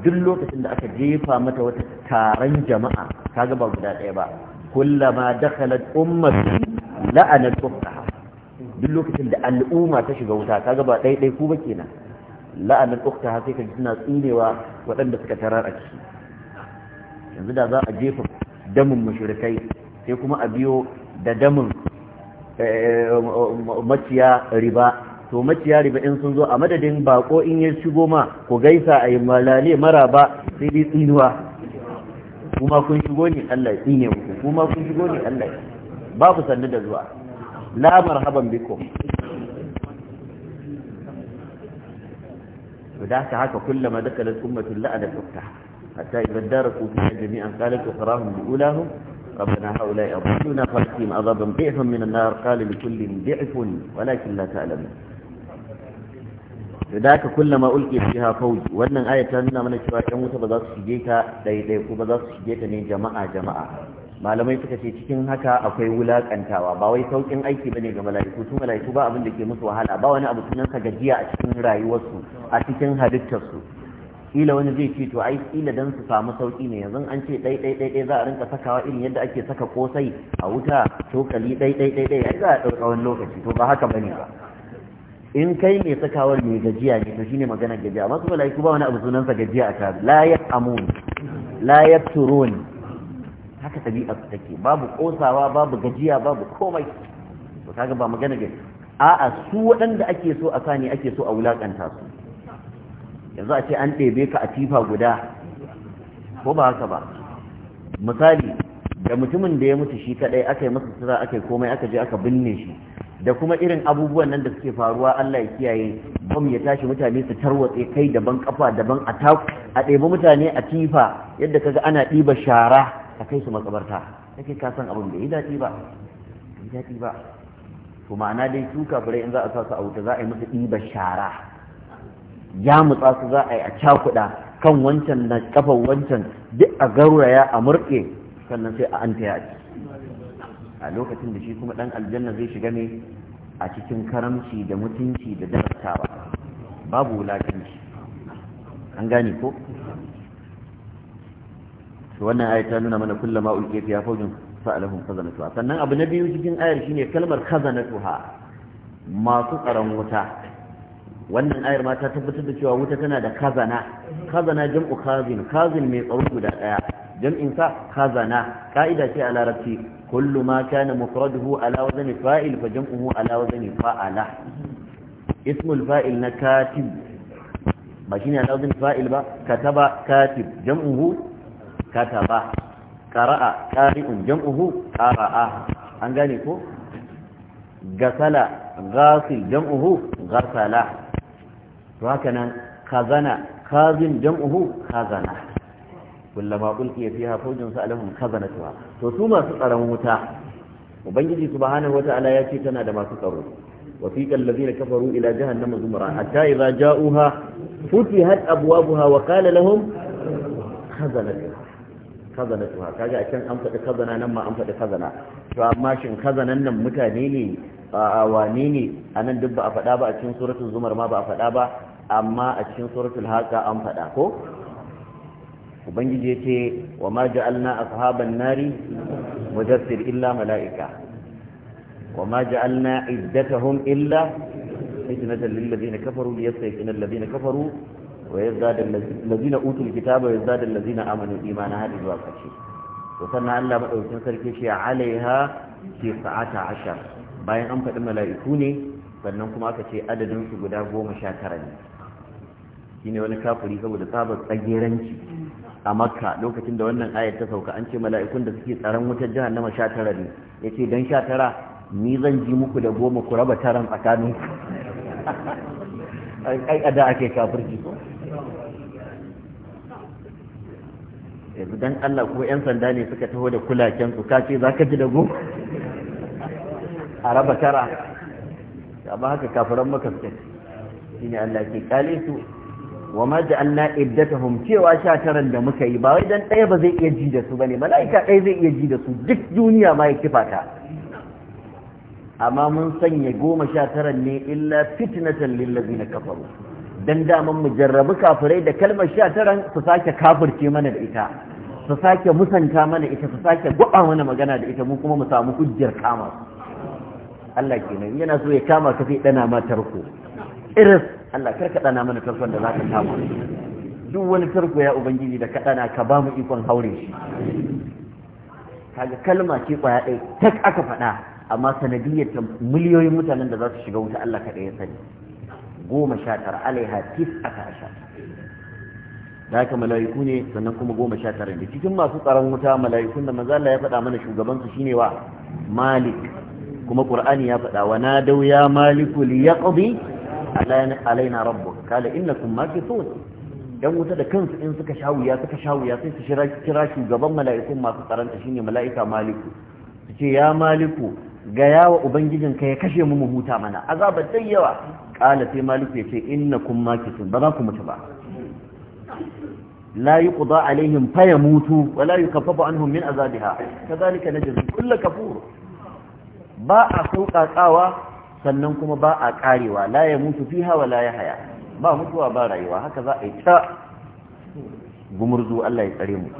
duk lokacin da aka jefa mata wata taron jama'a kaga gaba guda ɗaya ba kullama dakhalat ummati la'anat ukhtaha duk lokacin da al'umma ta shiga wuta kaga ba ɗaya ɗaya ku ba kenan la'anat ukhtaha sai ka ji suna tsinewa waɗanda suka tarar a ciki yanzu da za a jefa damin mushrikai sai kuma a biyo da damin eh, eh, eh, maciya riba to maciya riba in sun zo a madadin bako in ya shigo ma ku gaisa a yi malale mara ba sai dai tsinuwa kuma kun shigo ne Allah tsine muku kuma kun shigo ne Allah babu sannu da zuwa la marhaban bikum وذاك هكا كلما دخلت أمة لعنت أختها حتى إذا اداركوا فيها جميعا قالت أخراهم لأولاهم ربنا هؤلاء أضلونا فلكهم أضابا ضعفا من النار قال لكل ضعف ولكن لا تعلمون da aka kulla ma ulke fiha fauji wannan ayat ta nuna mana cewa ɗan wuta ba za su shige ta ɗaiɗai ko ba za su shige ta ne jama'a jama'a malamai suka ce cikin haka akwai wulakantawa ba wai saukin aiki bane ga mala'iku su mala'iku ba abin da ke musu wahala ba wani abu sunan ka gajiya a cikin rayuwarsu a cikin halittarsu kila wani zai ce to ai kila dan su samu sauki ne yanzu an ce dai dai dai za a rinka sakawa irin yadda ake saka kosai a wuta cokali dai dai dai dai za a ɗauka wani lokaci to ba haka bane ba in kai ne sakawar mai gajiya ne to shine magana gajiya masu mala'iku ba wani abu sunansa gajiya a kare. la amun la turoni, haka tabi'a take babu kosawa babu gajiya babu komai to kaga ba magana gajiya a'a su waɗanda ake so a sani ake so a wulakanta su yanzu a ce an ɗebe ka a tifa guda ko ba haka ba misali da mutumin da ya mutu shi kadai aka yi masa sura aka yi komai aka je aka binne shi da kuma irin abubuwan nan da suke faruwa Allah ya kiyaye bom ya tashi mutane su tarwatse kai daban kafa daban a taku a ɗebi mutane a tifa yadda kaga ana ɗiba shara a kai su makabarta kake ka san abin bai daɗi ba bai daɗi ba to ma'ana dai su kafirai in za a sa su a wuta za a yi musu ɗiba shara ya mutsa su za a yi a cakuɗa kan wancan na kafa wancan duk a garuraya a murƙe sannan sai a anta ya a lokacin da shi kuma dan aljanna zai shiga ne a cikin karamci da mutunci da darasawa babu wulakanci an gane ko to wannan ayat ta nuna mana kullama ulke fiya fawjun sa'alahum khazanatuha sannan abu na biyu cikin ayar shine kalmar khazanatuha masu tsaron wuta wannan ayar ma ta tabbatar da cewa wuta tana da kazana kazana jam'u khazin khazin mai tsaro guda daya jam'in sa khazana ka'ida ce a larabci kullu ma kana mufraduhu ala wazni fa'il fa jam'uhu ala wazni fa'ala ismul fa'il na katib ba shine ala fa'il ba kataba katib jam'uhu kataba qara'a qari'un jam'uhu qara'a an gane ko gasala ghasil jam'uhu ghasala to haka kullama ulqiya fiha fawjun sa'alahum khazanatuha to su masu tsaron wuta ubangiji subhanahu wata'ala ya ce tana da masu tsaro wa fiqa allazina kafaru ila jahannama zumara hatta idza ja'uha futihat abwabuha wa qala lahum khazanatuha khazanatuha kaga a can an faɗi khazana nan ma an faɗi khazana to amma shin khazanan nan mutane ne a wane ne a nan duk ba a faɗa ba a cikin suratul zumar ma ba a faɗa ba amma a cikin suratul haqa an faɗa ko ubangiji ya ce wa ma ja'alna ashaban nari mujassir illa mala'ika wa ma ja'alna iddatahum illa fitnatan lil ladina kafaru liyastayqina alladhina kafaru wa yazdada alladhina utul kitaba wa yazdada alladhina amanu imana hadi zuwa kace to sannan Allah madaukakin sarki shi alaiha sa'ata ashar bayan an faɗi mala'iku ne sannan kuma aka ce adadin su guda goma sha tara ne shine wani kafuri saboda tsabar tsageranci a makka lokacin da wannan ayat ta sauka an ce mala'ikun da suke tsaron wutar jahannama sha tara ne ya ce don sha tara ni zan ji muku da goma ku raba taron tsakanin ai ada ake kafirci yanzu dan Allah ko 'yan sanda ne suka taho da kulaken su kace za ka ji da goma a raba tara amma haka kafiran maka suke shine Allah ke kale su wa ma ja'alna iddatahum cewa sha da muka yi ba wai dan ɗaya ba zai iya ji da su bane mala'ika ɗaya zai iya ji da su duk duniya ma ya kifa ta amma mun sanya goma sha ne illa fitnatan lil ladina kafaru dan daman mu jarrabu kafirai da kalmar sha su sake kafirce mana da ita su sake musanta mana ita su sake gwaba mana magana da ita mu kuma mu samu hujjar kama Allah kenan yana so ya kama ka sai dana ma tarko iris Allah kar ka dana mana tarkon da za ka samu duk wani tarko ya ubangiji da ka dana ka ba mu ikon haure shi kaga kalma ke kwaya ɗaya tak aka faɗa amma sanadiyyar miliyoyin mutanen da za su shiga wuta Allah ka ya sani goma sha tara alaiha tis aka sha da haka mala'iku ne sannan kuma goma sha tara ne cikin masu tsaron wuta mala'ikun da maza Allah ya faɗa mana shugabansu shine wa malik kuma qur'ani ya faɗa wa nadau ya maliku liyaqdi alaina rabbu kala innakum makithun yan wuta da kansu in suka shawiya wuya suka sha wuya sai su kira gaban mala'ikun masu tsaranta shine mala'ika maliku su ce ya maliku ga yawa ka ya kashe mu mu huta mana azabar dai yawa kala sai maliku ya ce innakum makithun ba za ku mutu ba لا يقضى عليهم فيموتوا ولا يكفف عنهم من عذابها كذلك نجزي كل كفور باء سوقا قاوى sannan kuma ba a karewa la ya mutu fiha la ya haya ba mutuwa ba rayuwa haka za a yi ta gumurzu Allah ya tsare mu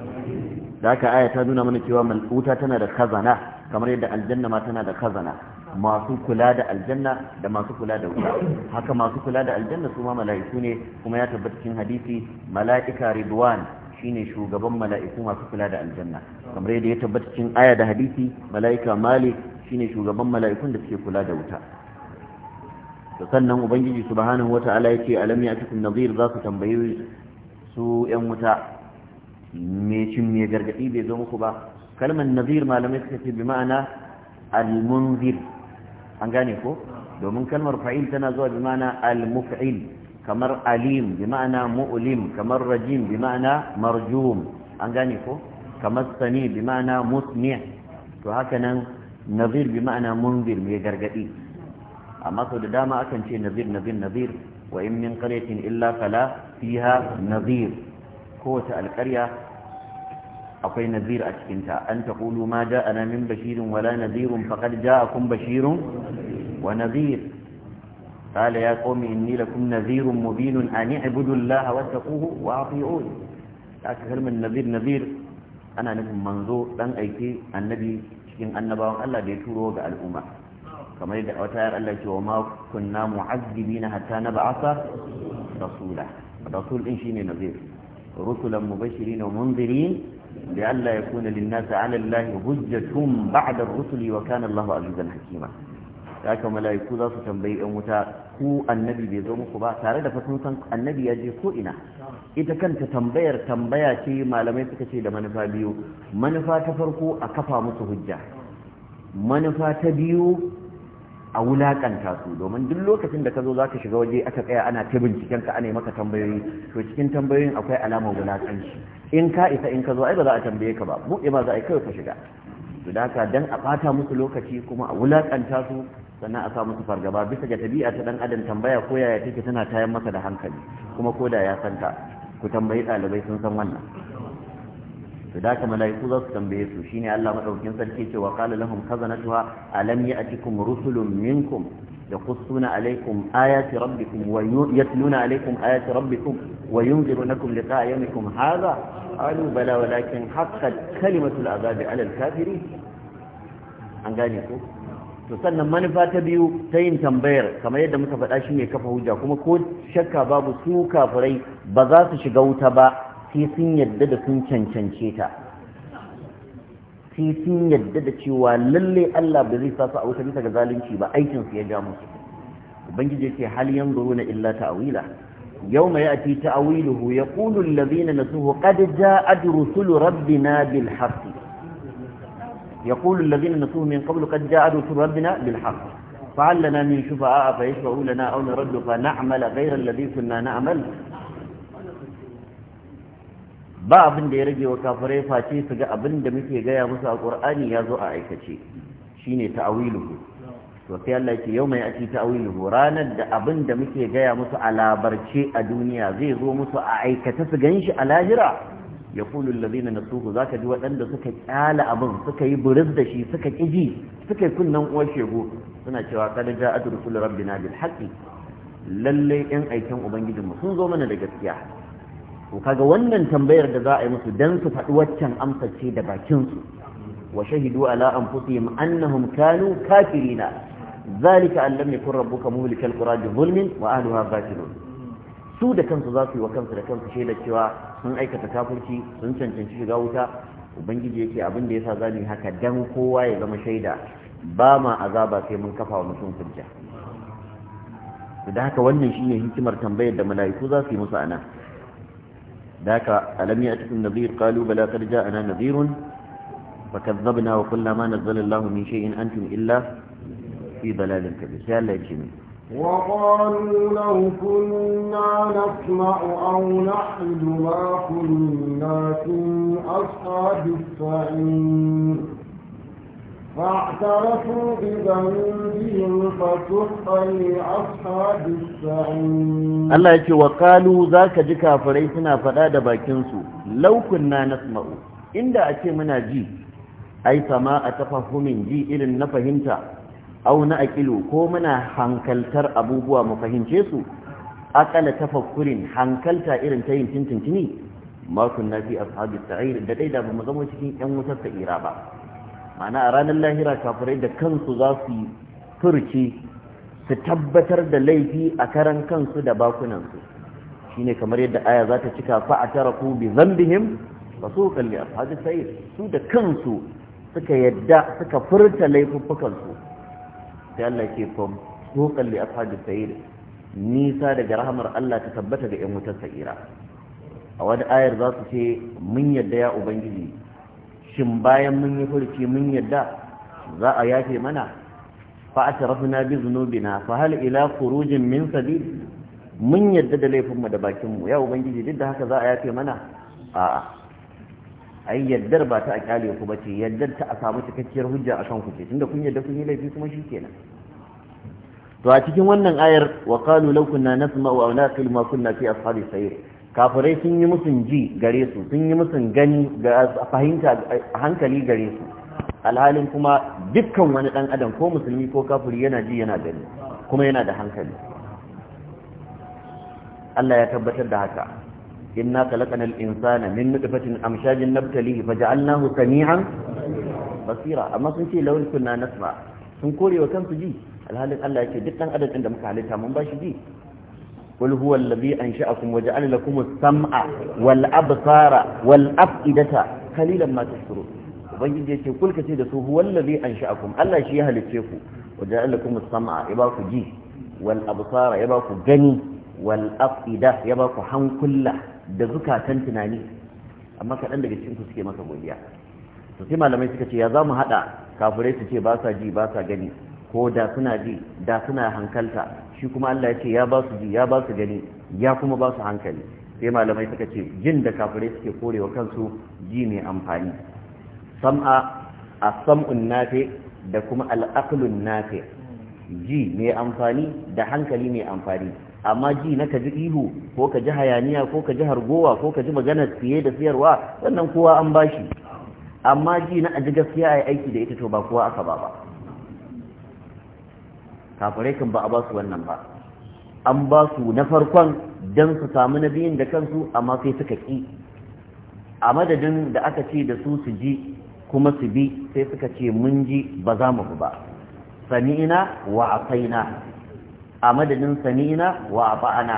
da haka aya ta nuna mana cewa wuta tana da kazana kamar yadda aljanna ma tana da kazana masu kula da aljanna da masu kula da wuta haka masu kula da aljanna su ma mala'iku ne kuma ya tabbata cikin hadisi mala'ika ridwan shine shugaban mala'iku masu kula da aljanna kamar yadda ya tabbata cikin aya da hadisi mala'ika malik shine shugaban mala'ikun da suke kula da wuta to sannan ubangiji subhanahu wata'ala ya ce alam ya cikin nazir za su tambayi su yan wuta me shin me gargadi bai zo muku ba kalmar nazir malamai suka ce bi ma'ana al-munzir an gane ko domin kalmar fa'il tana zuwa bi ma'ana al-muf'il kamar alim bi ma'ana mu'lim kamar rajim bi ma'ana marjum an gane ko kamar sani bi ma'ana musmi to haka nan nazir bi ma'ana munzir mai gargadi amma sau da dama akan ce nazir nazir nazir wa in min qaryatin illa fala fiha nazir kowace alƙarya akwai nazir a cikinta an taqulu ma ja'ana min bashirin wala nazirun faqad ja'akum bashirun wa nazir قال يا قوم إني لكم نذير مبين أن اعبدوا الله واتقوه وأطيعون لكن كلمة النذير نذير أنا نفهم منظور لن أيكي النبي شكين النبا الله بيتوره الأمة kamar yadda a wata yar Allah ce wa ma kunna mu'azzibina hatta nab'atha rasula rasul din shine nazir rusulan mubashirin wa munzirin لئلا يكون للناس على الله حجة بعد الرسل وكان الله عزيزا حكيما haka mala'iku za su tambayi 'yan wuta ku annabi bai zo muku ba tare da fatan san annabi ya je ko ina ita kanta tambayar tambaya ce malamai suka ce da manufa biyu manufa ta farko a kafa musu hujja manufa ta biyu a wulaƙanta su domin duk lokacin da ka zo za ka shiga waje aka tsaya ana ta binciken ka ana yi maka tambayoyi to cikin tambayoyin akwai alamar wulaƙanci in ka isa in ka zo ai ba za a tambaye ka ba buɗe ma za a yi kawai ka shiga to da haka dan a ɓata musu lokaci kuma a wulaƙanta su sannan a sa musu fargaba bisa ga tabi'a ta dan adam tambaya ko yaya take tana tayar masa da hankali kuma ko da ya san ka ku tambayi ɗalibai sun san wannan to da ka malaiku za su tambaye su shine Allah madaukakin sarki ce wa qala lahum khazanatuha alam ya'tikum rusulun minkum يقصون عليكم آيات ربكم ويتلون عليكم آيات ربكم وينذرونكم لقاء يومكم هذا قالوا بلى ولكن حقت كلمة العذاب على الكافرين an gane ku. to sannan manufa ta biyu ta yin tambayar kamar yadda muka faɗa shi ne kafa hujja kuma ko shakka babu su kafirai ba za su shiga wuta ba sai sun yadda da sun cancance ta sai sun yadda da cewa lalle Allah ba zai sa a wuta bisa ga zalunci ba aikin su ya ja musu ubangiji yake hal yanzuruna illa ta'awila ta'wila yawma ya'ti ta'wiluhu yaqulu alladhina nasuhu qad ja'at rusulu rabbina bil haqq yaqulu na suhu min qablu qad ja'at rusulu rabbina bil haqq فعل لنا من شفعاء فيشفعوا لنا أو نرد فنعمل غير الذي كنا نعمل ba abin da ya rage wa kafirai face su ga abin da muke gaya musu a ƙur'ani ya zo a aikace shine ta'awiluhu to sai Allah ce yau mai ati ta'awiluhu ranar da abin da muke gaya musu a labarce a duniya zai zo musu a aikata su ganshi a lahira ya na ladina Za ka ji waɗanda suka kyala abin suka yi buris da shi suka kiji suka yi kunnan uwar shego suna cewa kad ja'at rusul rabbina bil haqqi lalle yan aikin ubangijinmu sun zo mana da gaskiya to kaga wannan tambayar da za a yi musu dan su faɗi waccan amsa ce da bakin su wa shahidu ala anfusihim annahum kanu kafirina zalika an lam yakun rabbuka muhlikal qura bi zulmin wa ahliha ghafilun su da kansu za su yi wa kansu da kansu shaidar cewa sun aikata kafirci sun cancanci shiga wuta ubangiji yake abin da yasa zamu yi haka dan kowa ya zama shaida ba ma azaba sai mun kafa wa mutum hujja da haka wannan shine hikimar tambayar da mala'iku za su yi musu anan ذاك ألم يأتكم نذير قالوا بلى قد جاءنا نذير فكذبنا وقلنا ما نزل الله من شيء أنتم إلا في ضلال كبير سيال الله يجمي وقالوا لو كنا نسمع أو نحن ما كنا في أصحاب السعير فاعترفوا بذنبهم فسحقا لأصحاب السعير الله يقول وقالوا ذاك جكا فريسنا فلا دباكنسو لو كنا نسمع إن دا أتي منا جي أي سماء تفهم جي إلن نفهمتا أو نأكلو كومنا حنكالتر أبوبوا مفهمتسو أقل تفكر حنكالتا إلن تين تنتنتني ما كنا في أصحاب السعير دا دا بمضمو شكين أمو تسعيرا بقى ma'ana a ranar lahira kafirai da kansu za su yi turki su tabbatar da laifi a karan kansu da bakunansu ne kamar yadda aya za ta cika fa a tara ku bi zambihim ba su kalli a fadi sai su da kansu suka yadda suka furta laifuffukansu sai Allah ke fam su kalli a fadi sai nisa daga rahamar Allah ta tabbata ga 'yan wutar sa'ira a wani ayar za su ce mun yadda ya ubangiji shin bayan mun yi furci mun yadda za a yafe mana fa na bi zunubina fa hal ila khurujin min sabi mun yadda da laifinmu da bakinmu ya ubangiji duk da haka za a yafe mana a'a ai yaddar ba ta a kyale ku ba ce yaddar ta a samu cikakkiyar hujja a kanku ce tunda kun yadda kun yi laifi kuma shi kenan to a cikin wannan ayar wa qalu law kunna nasma'u aw naqil ma kunna fi ashabi sayyid kafirai sun yi musun ji gare su sun yi musun gani ga fahimta a hankali gare su alhalin kuma dukkan wani dan adam ko musulmi ko kafiri yana ji yana gani kuma yana da hankali Allah ya tabbatar da haka inna khalaqana al-insana min nutfatin amshajin nabtalihi faja'alnahu sami'an basira amma sun ce lawal kunna nasma sun kore wa kansu ji alhalin Allah yake duk dan adam din da muka halitta mun ba shi ji قل هو الذي أنشأكم وجعل لكم السمع والأبصار والأفئدة قليلا ما تشكرون ubangiji yace kul kace da su huwal ladhi ansha'akum Allah shi ya halice ku waja'al lakum as-sam'a ya ba ku ji wal absara ya ba ku gani wal afida ya ba ku hankulla da zukatan tunani amma kaɗan daga cikinku suke maka godiya to malamai suka ce ya za mu haɗa kafirai su ce ji ba gani ko da suna ji da suna hankalta shi kuma Allah ya ce ya ba su ji ya ba su gani ya kuma ba su hankali sai malamai suka ce jin da kafare suke korewa kansu ji mai amfani sam'a a sam'un nafe da kuma al'aqlun nafe ji mai amfani da hankali mai amfani amma ji na ka ji ihu ko ka ji hayaniya ko ka ji hargowa ko ka ji magana fiye da siyarwa wannan kowa an bashi amma ji na ji gaskiya a aiki da ita to ba kowa aka ba ba kafirai kan ba a ba su wannan ba an ba su na farkon don su samu na biyun da kansu amma sai suka ƙi a madadin da aka ce da su su ji kuma su bi sai suka ce mun ji ba za mu ba sami'ina wa asaina a madadin sami'ina wa afa'ana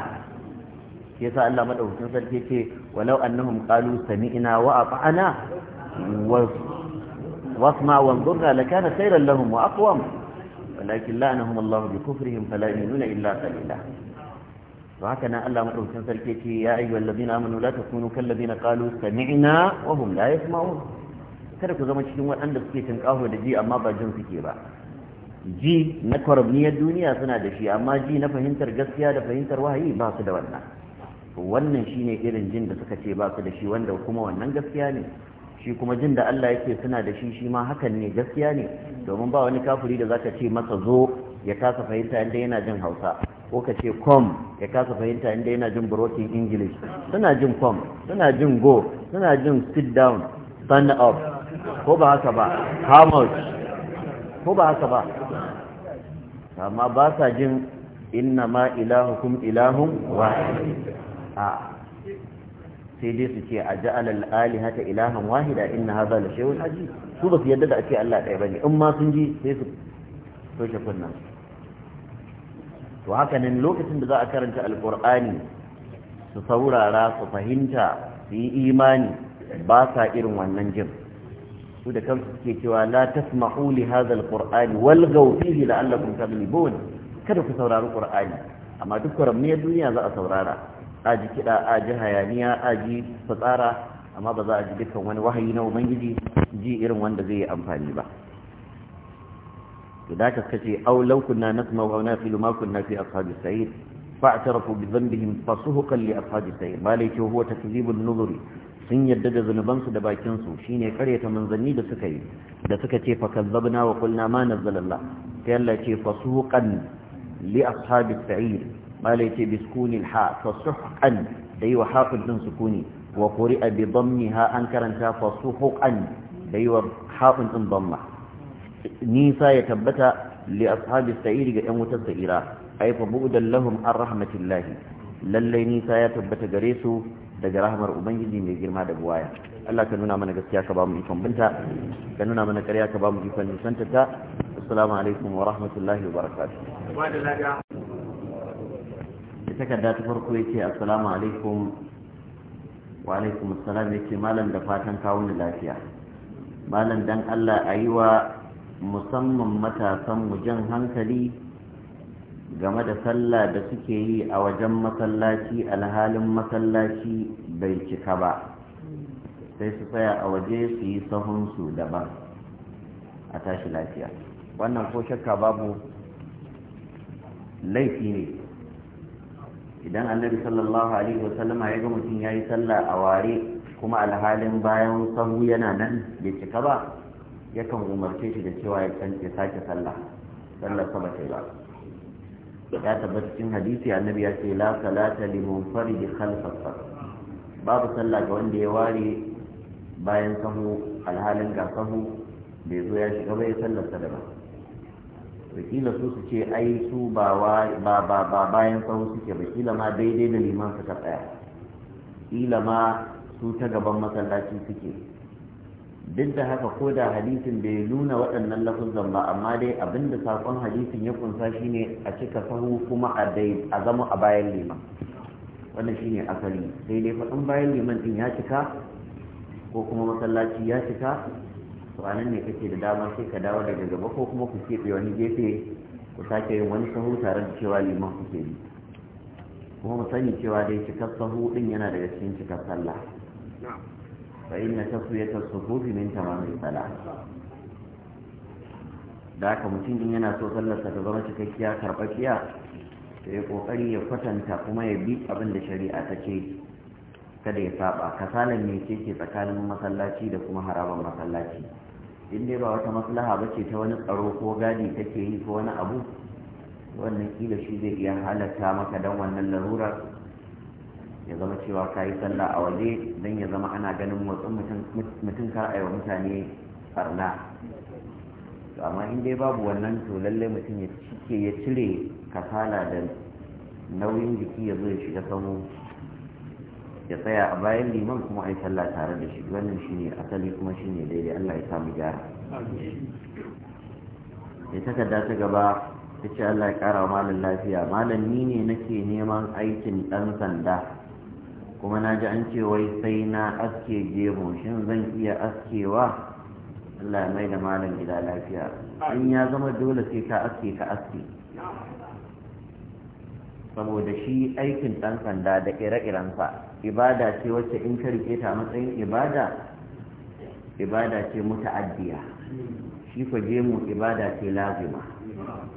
shi yasa Allah madaukakin sarki ce walau annahum qalu sami'na wa ata'na wasma wanzurna lakana khairan lahum wa aqwam walakin la'anahum Allah bi kufrihim fala yu'minuna illa qalila to haka nan Allah madaukakin sarki ce ya ayyuhal ladina amanu la takunu kal ladina qalu sami'na wa hum la yasma'un kada ku zama cikin waɗanda suke tinkaho da ji amma ba jin suke ba ji na kwarabniyar duniya suna da shi amma ji na fahimtar gaskiya da fahimtar wahayi ba su da wannan wannan shine irin jin da suka ce ba su da shi wanda kuma wannan gaskiya ne shi kuma jin da Allah yake suna da shi shi ma hakan ne gaskiya ne domin ba wani kafiri da zaka ce masa zo ya kasa fahimta inda yana jin Hausa ko ka ce com ya kasa fahimta inda yana jin broken English suna jin com suna jin go suna jin sit down stand up ko ba haka ba how much ko ba haka ba amma ba sa jin inna ma ilahukum ilahun wahid a sai dai su ce a ja'al al-alihata ilahan wahida inna hadha la shay'un ajib su ba su yadda da ake Allah ɗaya bane in ma sun ji sai su toshe kunna to haka nan lokacin da za a karanta alqur'ani su saurara su fahimta su yi imani ba sa irin wannan jin su da kansu suke cewa la tasma'u li hadha alqur'ani walghaw fihi la'allakum taghlibun kada ku saurari qur'ani amma duk kuramniyar duniya za a saurara a ji kiɗa a ji hayaniya a ji fitsara amma ba za a ji dukkan wani wahayi na ubangiji ji irin wanda zai yi amfani ba to da ka kace aw law kunna nasma wa nafilu ma kunna fi ashabi sa'id fa'tarafu bi dhanbihim fasuhqan li ashabi sa'id malaki huwa takdhibun nuzuri sun yadda da zunubansu da bakinsu shine karyata manzanni da suka yi da suka ce fa kazzabna wa qulna ma nazzalallah sai Allah ce fasuqan li ashabi sa'id malai ce biskunil ha fa suhqan da yi wa hafid din sukuni wa quri'a bi dammiha an karanta fa suhqan da yi wa hafid din damma nisa ya tabbata li ashabi sa'iri ga yan wutar sa'ira ay fa bu'dan lahum ar rahmatillah lalle nisa ya tabbata gare su daga rahmar ubangiji mai girma da buwaya Allah ka nuna mana gaskiya ka bamu mu binta ka nuna mana ta wa rahmatullahi mai takarda ta farko yake ce assalamu alaikum wa alaikum assalam ya ce malam da fatan kawo ni lafiya malam dan allah a yi wa musamman mu jan hankali game da sallah da suke yi a wajen masallaci alhalin masallaci bai cika ba sai su tsaya a waje su yi sahunsu daban a tashi lafiya wannan ko shakka babu laifi ne idan annabi sallallahu alaihi wasallama ya ga mutum ya yi sallah a ware kuma alhalin bayan sahu yana nan bai cika ba yakan umarce shi da cewa ya cance sake sallah sallar sa ba ta ba ya tabbata cikin hadisi annabi ya ce la salata li munfaridi khalfa babu sallah ga wanda ya ware bayan sahu alhalin ga sahu bai zo ya shiga bai sallar sa da ba wakila su su ce ai su ba bayan tsawo suke ba kila ma daidai da liman ta tsaya kila ma su ta gaban masallaci suke duk da haka ko da hadisin bai nuna waɗannan lafuzan ba amma dai abinda sakon hadisin ya kunsa shine a cika sahu kuma a zama a bayan liman wannan shine asali sai dai faɗin bayan liman din ya cika ko kuma masallaci ya cika ranar ne kake da damar sai ka dawo daga gaba ko kuma ku keɓe wani gefe ku sake yin wani sahu tare da cewa liman kuke yi kuma mu sani cewa dai cikar sahu din yana daga cikin cikar sallah fa inna tasu sufufi min tamamin salah da haka mutum din yana so sallarsa ta zama cikakkiya karbakiya sai ya ƙoƙari ya kwatanta kuma ya bi abin da shari'a ta ce kada ya saba kasalan ne ce ke tsakanin masallaci da kuma haraban masallaci in dai ba wata maslaha ba ce ta wani tsaro ko gadi take yi ko wani abu wannan kila shi zai iya halatta maka dan wannan larurar ya zama cewa ka yi sallah a waje don ya zama ana ganin motsin mutum kar a yi wa mutane barna amma in dai babu wannan to lallai mutum ya ya cire kasala da nauyin jiki ya zo ya shiga samu ya tsaya a bayan liman kuma a yi sallah tare da shi wannan shine asali kuma shine daidai Allah ya samu gyara ya takarda ta gaba ta ce Allah ya kara malam lafiya malam ni ne nake neman aikin dan sanda kuma na ji an ce wai sai na aske gemu shin zan iya askewa Allah ya mai da malam gida lafiya in ya zama dole sai ka aske ka aske saboda shi aikin dan sanda da ire-irensa ibada ce wacce in ka rike ta matsayin ibada ibada ce muta'addiya shi je gemu ibada ce lazima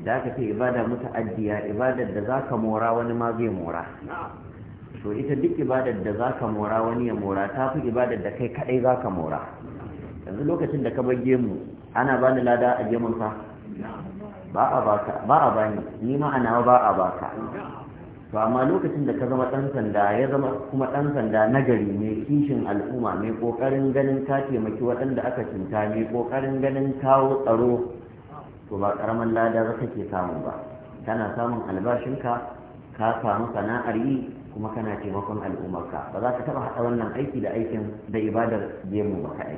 idan ka ce ibada muta'addiya ibadar da za ka mora wani ma zai mora to ita duk ibadar da za ka mora wani ya mora ta fi ibadar da kai kaɗai za ka mora yanzu lokacin da ka bage mu ana ba ni lada a gemunsa ba a ka. ba a bani ni ma ana ba a ba ka. to amma lokacin da ka zama ɗan sanda ya zama kuma ɗan sanda nagari mai kishin al'umma mai ƙoƙarin ganin ka taimaki waɗanda aka cinta mai ƙoƙarin ganin kawo tsaro to ba ƙaramin lada za ke samu ba kana samun albashinka ka samu sana'ar yi kuma kana taimakon al'ummarka ba za ka taɓa haɗa wannan aiki da aikin da ibadar gemu ba kaɗai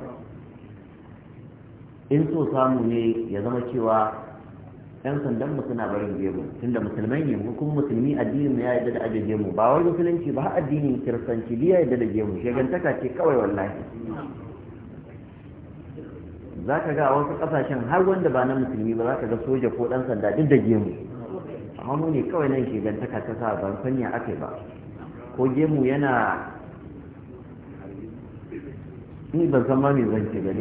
in so samu ne ya zama cewa yan sandan mu suna barin gemu tunda musulmai ne mu kuma musulmi addinin ya yarda da aje gemu ba wai musulunci ba addinin kiristanci ya yarda da gemu shegantaka ce kawai wallahi za ka ga wasu kasashen har wanda ba na musulmi ba za ka ga soja ko dan sanda duk da gemu amma mu ne kawai nan shegantaka ta sa ban sanya akai ba ko gemu yana ni ban san ma me zan ce gare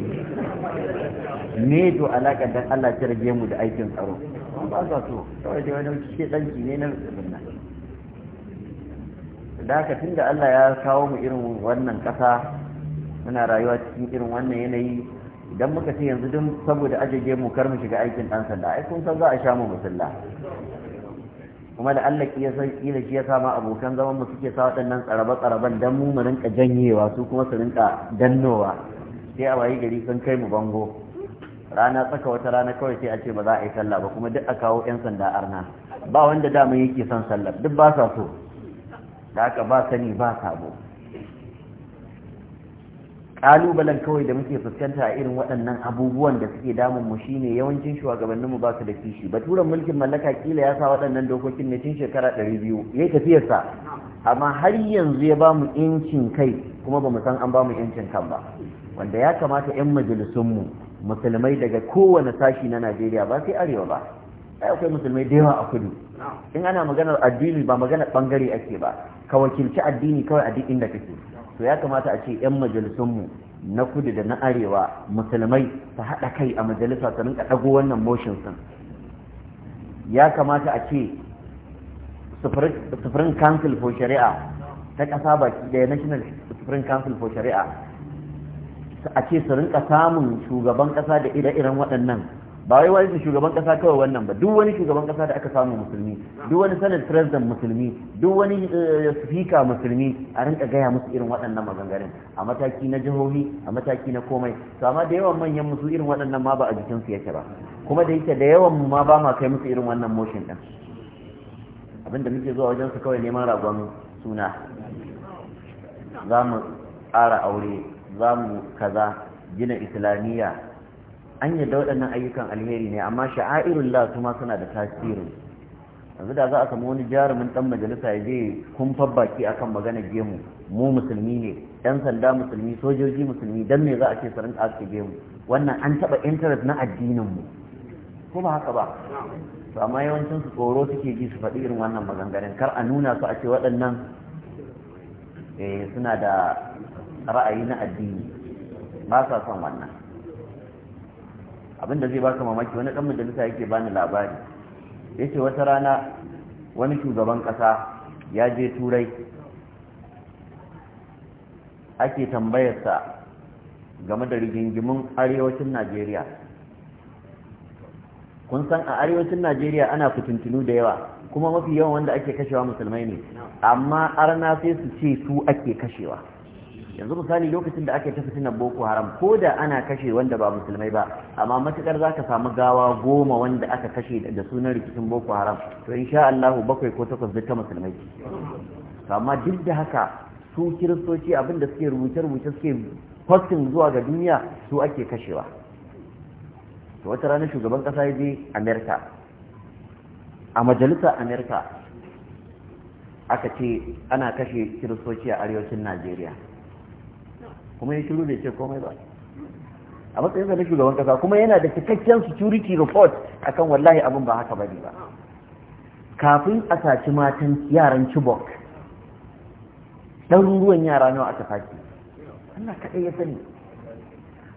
ne to alaka dan Allah ta rage mu da aikin tsaro ba za to kawai dai wani shi ki ne na rubutun nan da ka tunda Allah ya kawo mu irin wannan kasa muna rayuwa cikin irin wannan yanayi idan muka ce yanzu duk saboda ajeje mu kar mu shiga aikin dan sanda ai kun san za a sha mu musulla kuma da Allah ya san kila shi ya sa ma abokan zaman mu suke sa waɗannan tsaraba tsaraban dan mu mu rinka janyewa su kuma su rinka dannowa sai a wayi gari sun kai mu bango rana tsaka wata rana kawai sai a ce ba za a yi sallah ba kuma duk a kawo yan sanda arna ba wanda dama yake son sallah duk ba sa so da haka ba sani ba sabo kalubalen kawai da muke fuskanta a irin waɗannan abubuwan da suke damun mu shine yawancin shugabannin mu ba su da kishi Ba turan mulkin mallaka kila ya sa waɗannan dokokin ne tun shekara ɗari biyu ya tafiyar sa amma har yanzu ya ba mu yancin kai kuma ba mu san an ba mu yancin kan ba wanda ya kamata 'yan majalisun mu musulmai daga kowane sashi na Najeriya ba sai arewa ba ai akwai musulmai da yawa a kudu in ana maganar addini ba maganar bangare ake ba ka wakilci addini kawai a duk inda kake to ya kamata a ce yan majalisunmu na kudu da na arewa musulmai su haɗa kai a majalisa su rinka ɗago wannan motion sun ya kamata a ce supreme council for shari'a ta ƙasa baki ɗaya national supreme council for shari'a a ce su rinka samun shugaban ƙasa da ire-iren waɗannan ba wai wani shugaban kasa kawai wannan ba duk wani shugaban kasa da aka samu musulmi duk wani sanin president musulmi duk wani eh, speaker musulmi a rinka gaya musu irin waɗannan maganganun a mataki na jihohi a mataki na komai to amma da yawan manyan musu irin waɗannan ma ba a jikin su yake ba kuma da yake da yawan mu ma ba ma kai musu irin wannan motion din abinda muke zuwa wajen su kawai neman ragon suna za mu ƙara aure za mu kaza gina islamiyya an yadda waɗannan ayyukan alheri ne amma sha'airun la su ma suna da tasiri yanzu da za a samu wani jarumin ɗan majalisa ya je kumfar baki akan magana gemu mu musulmi ne ɗan sanda musulmi sojoji musulmi don me za a ce sarin ƙasa gemu wannan an taɓa intanet na addinin mu ko ba haka ba to amma yawancin su tsoro suke ji su faɗi irin wannan maganganun kar a nuna su a ce waɗannan eh, suna da ra'ayi na addini ba sa son wannan abin da zai baka mamaki wani dan majalisa yake bani labari yace wata rana wani shugaban kasa ya je turai ake tambayarsa game da rigingimin arewacin najeriya kun san a arewacin najeriya ana fitintinu da yawa kuma mafi yawan wanda ake kashewa musulmai ne amma arna sai su ce su ake kashewa yanzu misali lokacin da ake tafi boko haram ko da ana kashe wanda ba musulmai ba amma matukar za ka samu gawa goma wanda aka kashe da sunan rikicin boko haram to insha Allah bakwai ko takwas duka musulmai amma duk da haka su kiristoci abin da suke rubuce-rubuce suke kwastin zuwa ga duniya su ake kashewa to wata rana shugaban kasa ya je america a majalisar america aka ce ana kashe kiristoci a arewacin najeriya kuma ya shiru bai ce komai ba a matsayin na shugaban kasa kuma yana da cikakken security report akan wallahi abin ba haka bari ba kafin a saci matan yaran chibok ɗaruruwan yara nawa aka faki, Allah kaɗai ya sani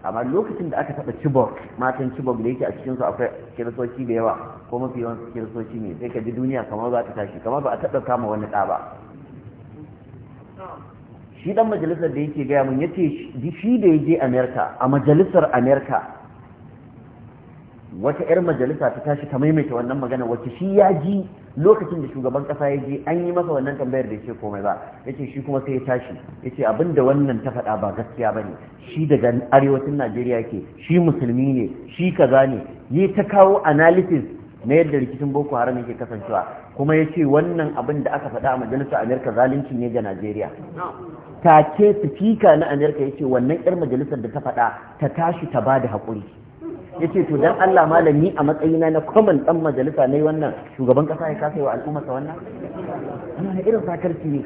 amma lokacin da aka taɓa chibok matan chibok da yake a cikinsu akwai kiristoci da yawa ko mafi yawan kiristoci ne sai ka ji duniya kamar za ta tashi kamar ba a taɓa kama wani ɗa ba shi dan majalisar da yake gaya mun yace shi da yaje America a majalisar America wata yar majalisa ta tashi ta maimaita wannan magana wacce shi ya ji lokacin da shugaban kasa ya je an yi masa wannan tambayar da ce komai ba yace shi kuma sai ya tashi yace abinda wannan ta faɗa ba gaskiya ba ne, shi daga arewacin Najeriya yake shi musulmi ne shi kaza ne yi ta kawo analysis na yadda rikicin Boko Haram yake kasancewa kuma ya ce wannan abin da aka faɗa a majalisar Amerika zalunci ne ga Najeriya take sifika na amerika ya ce wannan yar majalisar da ta faɗa ta tashi ta bada haƙuri ya ce to don allah malami a matsayina na common ɗan majalisa na yi wannan shugaban kasa ya kasa wa sa wannan ana da irin sakarci ne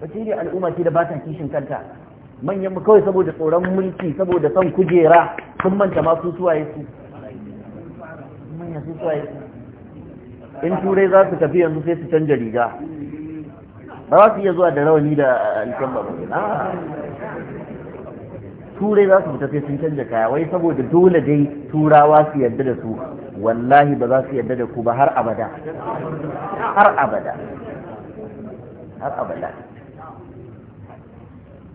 wacce ne al'umma ce da ba ta kishin kanta manyan mu kawai saboda tsoron mulki saboda son kujera sun manta ma su suwaye su manyan su suwaye su in turai za su tafi yanzu sai su canja riga ba za su iya zuwa da rawani da alkan ba ah. turai za su fita sai sun canja kaya wai saboda dole dai turawa su yadda da su wallahi ba za su yadda da ku ba har abada har abada har abada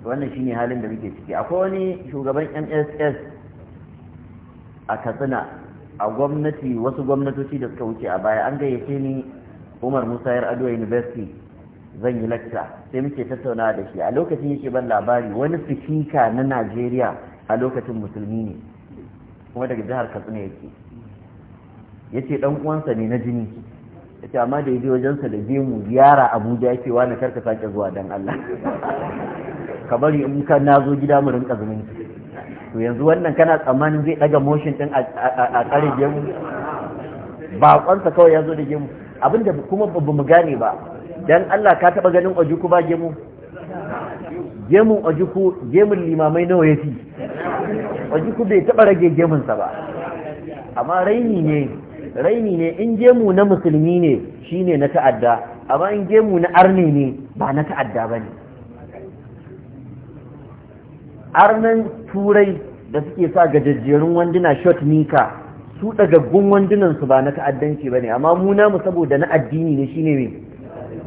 wannan shine halin da muke ciki akwai wani shugaban mss a katsina a gwamnati wasu gwamnatoci da suka wuce a baya an gayyace ni umar musa yar ado university zan yi lacca sai muke tattauna da shi a lokacin yake ban labari wani fifika na najeriya a lokacin musulmi ne kuma daga jihar katsina yake ya ce dan uwansa ne na jini ya amma da ya je wajensa da je mu ziyara abuja ya ce na karka sake zuwa dan allah ka bari in ka na zo gida mu rinka zumunci to yanzu wannan kana tsammanin zai daga motion din a tsare gemu baƙonsa kawai ya zo da gemu abinda kuma ba mu gane ba dan Allah ka taba ganin ojuku ba gemu gemun ojuku gemun limamai nawa yafi ojuku bai taba rage gemunsa ba amma raini ne raini ne in gemu na musulmi ne shine na ta'adda amma in gemu na arni ne ba na ta'adda bane arnan turai da suke sa gajajjerun wanduna shot nika su dagaggun wandunan su ba na ta'addanci bane amma mu saboda na addini ne shine me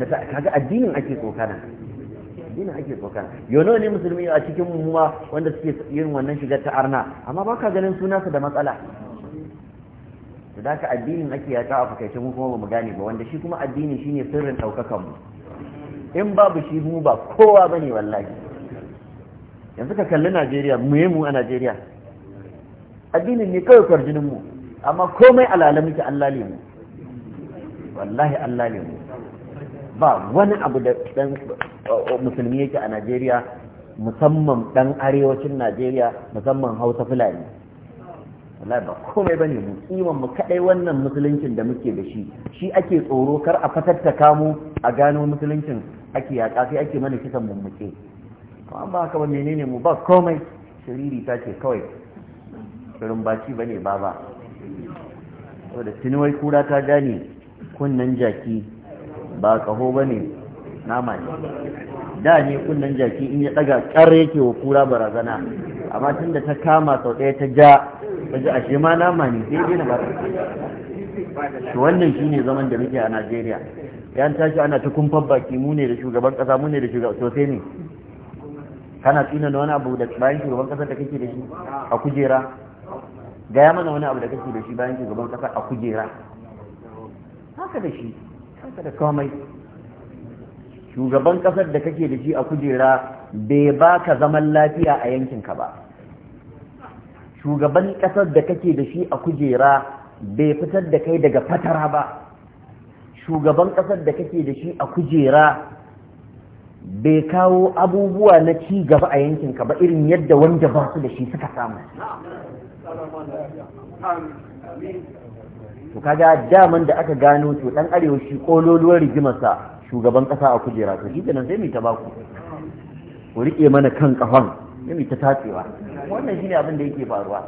da kaga addinin ake tsokana addinin ake tsokana yono ne musulmi a cikin muwa wanda suke yin wannan shigar ta arna amma ba ka ganin su da matsala to da ka addinin ake yaka a fakaice mu kuma ba mu gane ba wanda shi kuma addini shine sirrin ɗaukakan mu in babu shi mu ba kowa bane wallahi yanzu ka kalli Najeriya mu mu a Najeriya addinin ne kawai kwarjinin mu amma komai alalamuki Allah allalimu wallahi Allah ba wani abu da dan uh, uh, musulmi yake a Najeriya musamman dan arewacin Najeriya musamman Hausa Fulani wallahi ba komai bane mu kiman mu kadai wannan musuluncin da muke da shi shi ake tsoro kar a fatattaka mu a gano musuluncin ake yaƙa sai ake mana kisan mummuke amma ba haka ba menene mu ba komai shiriri ta ce kawai shirin baci bane ba ba saboda tuni wai kura ta gane kunnan jaki ba kaho ba ne nama ne da ne kunnan jaki in ya daga kar yake wa kura barazana amma tun da ta kama sau ɗaya ta ja ta ji ashe ma nama ne sai dai na ba ta wannan shi ne zaman da muke a Najeriya yan tashi ana ta kumfan baki mu ne da shugaban kasa mu ne da shugaban sosai ne kana tsina da wani abu da bayan shugaban kasa da kake da shi a kujera gaya mana wani abu da kake da shi bayan shugaban kasa a kujera haka da shi kanka da komai shugaban kasar da kake da shi a kujera bai ba ka zaman lafiya a yankinka ba shugaban kasar da kake da shi a kujera bai fitar da kai daga fatara ba shugaban kasar da kake da shi a kujera bai kawo abubuwa na ci gaba a yankinka ba irin yadda wanda ba su da shi suka samu to kaga daman da aka gano to dan arewa shi kololuwar rigimarsa shugaban kasa a kujera to shi kenan sai mu ta baku ku rike mana kan kafan sai mu ta tatsewa wannan shine abin da yake faruwa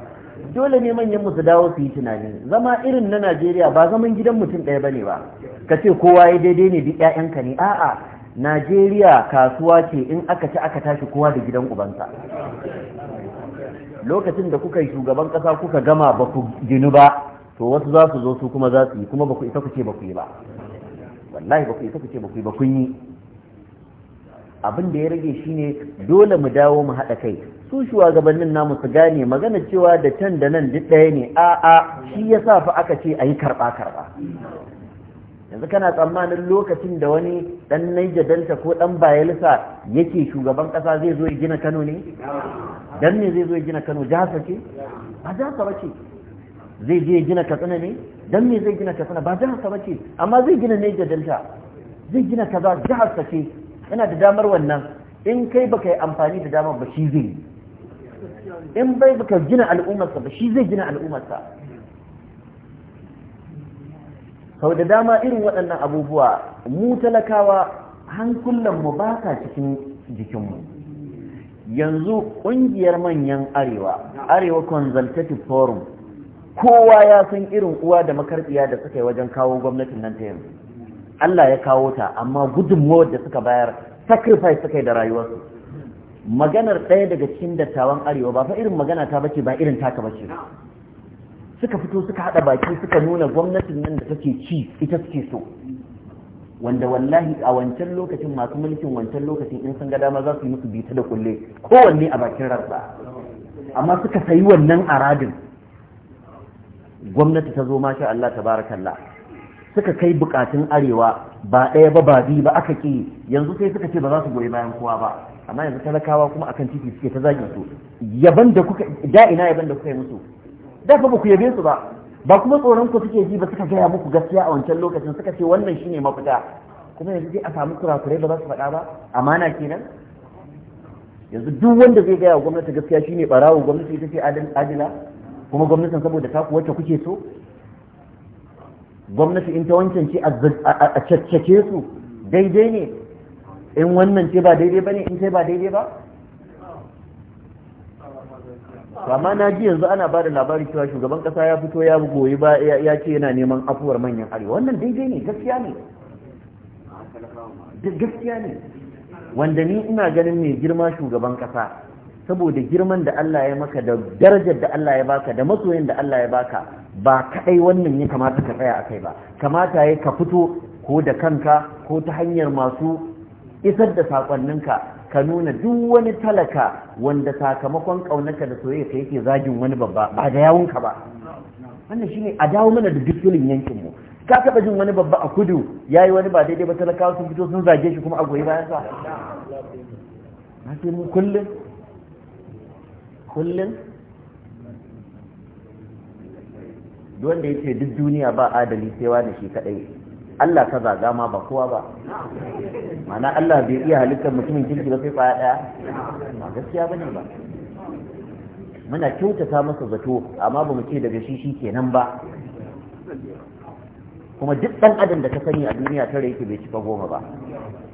dole ne manyan mu su dawo su yi tunani zama irin na Najeriya ba zaman gidan mutum ɗaya bane ba ka ce kowa ya daidai ne duk ƴaƴanka ne a'a Najeriya kasuwa ce in aka ci aka tashi kowa da gidan ubansa lokacin da kuka yi shugaban kasa kuka gama ba ku ginu ba to wasu za su zo su kuma za su yi kuma bakwai ita isa ku ba wallahi bakwai ita isa ku bakwai yi abin da ya rage shine dole mu dawo mu haɗa kai su shugabannin namu su gane magana cewa da can da nan duk ɗaya ne a a shi ya sa fa aka ce a yi karɓa karɓa yanzu kana tsammanin lokacin da wani ɗan naija delta ko ɗan bayelsa yake shugaban ƙasa zai zo ya gina kano ne dan ne zai zo ya gina kano jasa ce a jasa ba ce zai je gina katsina ne don me zai gina katsina ba jihar sa amma zai gina ne da delta zai gina kaza jihar sa ce yana da damar wannan in kai baka yi amfani da damar ba shi zai in bai baka gina al'ummarsa ba shi zai gina al'ummarsa. sa sau da dama irin waɗannan abubuwa mu talakawa hankulan mu ba ka cikin jikinmu yanzu ƙungiyar manyan arewa arewa consultative forum kowa ya san irin uwa da makarbiya da suka yi wajen kawo gwamnatin nan ta yanzu Allah ya kawo ta amma gudunmuwar da suka bayar sacrifice suka yi da rayuwarsu maganar ɗaya daga cikin dattawan arewa ba fa irin magana ta bace ba irin taka bace suka fito suka haɗa baki suka nuna gwamnatin nan da take ci ita suke so wanda wallahi a wancan lokacin masu mulkin wancan lokacin in sun ga dama za su yi musu bita da kulle kowanne a bakin rarsa amma suka sayi wannan aradin gwamnati ta zo mashi Allah ta barakalla suka kai bukatun arewa ba ɗaya ba ba biyu ba aka ƙi yanzu sai suka ce ba za su goyi bayan kowa ba amma yanzu talakawa kuma akan titi suke ta zagin su yaban da kuka da ina yaban da kuka yi musu da ba ku yabe su ba ba kuma tsoron ku suke ji ba suka gaya muku gaskiya a wancan lokacin suka ce wannan shine mafita kuma yanzu sai a samu kurakurai ba za su faɗa ba amana kenan yanzu duk wanda zai gaya wa gwamnati gaskiya shine barawo gwamnati ita ce adila kuma gwamnatin saboda ta wacce kuke so gwamnati in ta wancan ce a caccake su daidai ne in wannan ce ba daidai ba ne in ce ba daidai ba amma na ji yanzu ana ba da labari cewa shugaban kasa ya fito ya goyi ba ya ce yana neman afuwar manyan arewa wannan daidai ne gaskiya ne gaskiya ne wanda ni ina ganin mai girma shugaban kasa saboda girman da Allah ya maka da darajar da Allah ya baka da masoyin da Allah ya baka ba kaɗai wannan ya kamata ka tsaya akai ba kamata ya ka fito ko da kanka ko ta hanyar masu isar da sakonninka ka nuna duk wani talaka wanda sakamakon kaunarka da soyayya yake zagin wani babba ba da yawunka ba wannan shine a dawo mana da dukkanin yankin mu ka taba jin wani babba a kudu yayi wani ba daidai ba talakawa sun fito sun zage shi kuma a goyi bayan sa na mu kullum kullum wanda ya ce duk duniya ba adali sai wani shi kadai Allah ka zaga ma ba kowa ba mana Allah bai iya halittar mutumin kirki ba sai kwaya daya ba gaskiya bane ba muna kyautata masa zato amma ba mu ce daga shi shi kenan ba kuma duk dan adam da ka sani a duniya tare yake bai cika goma ba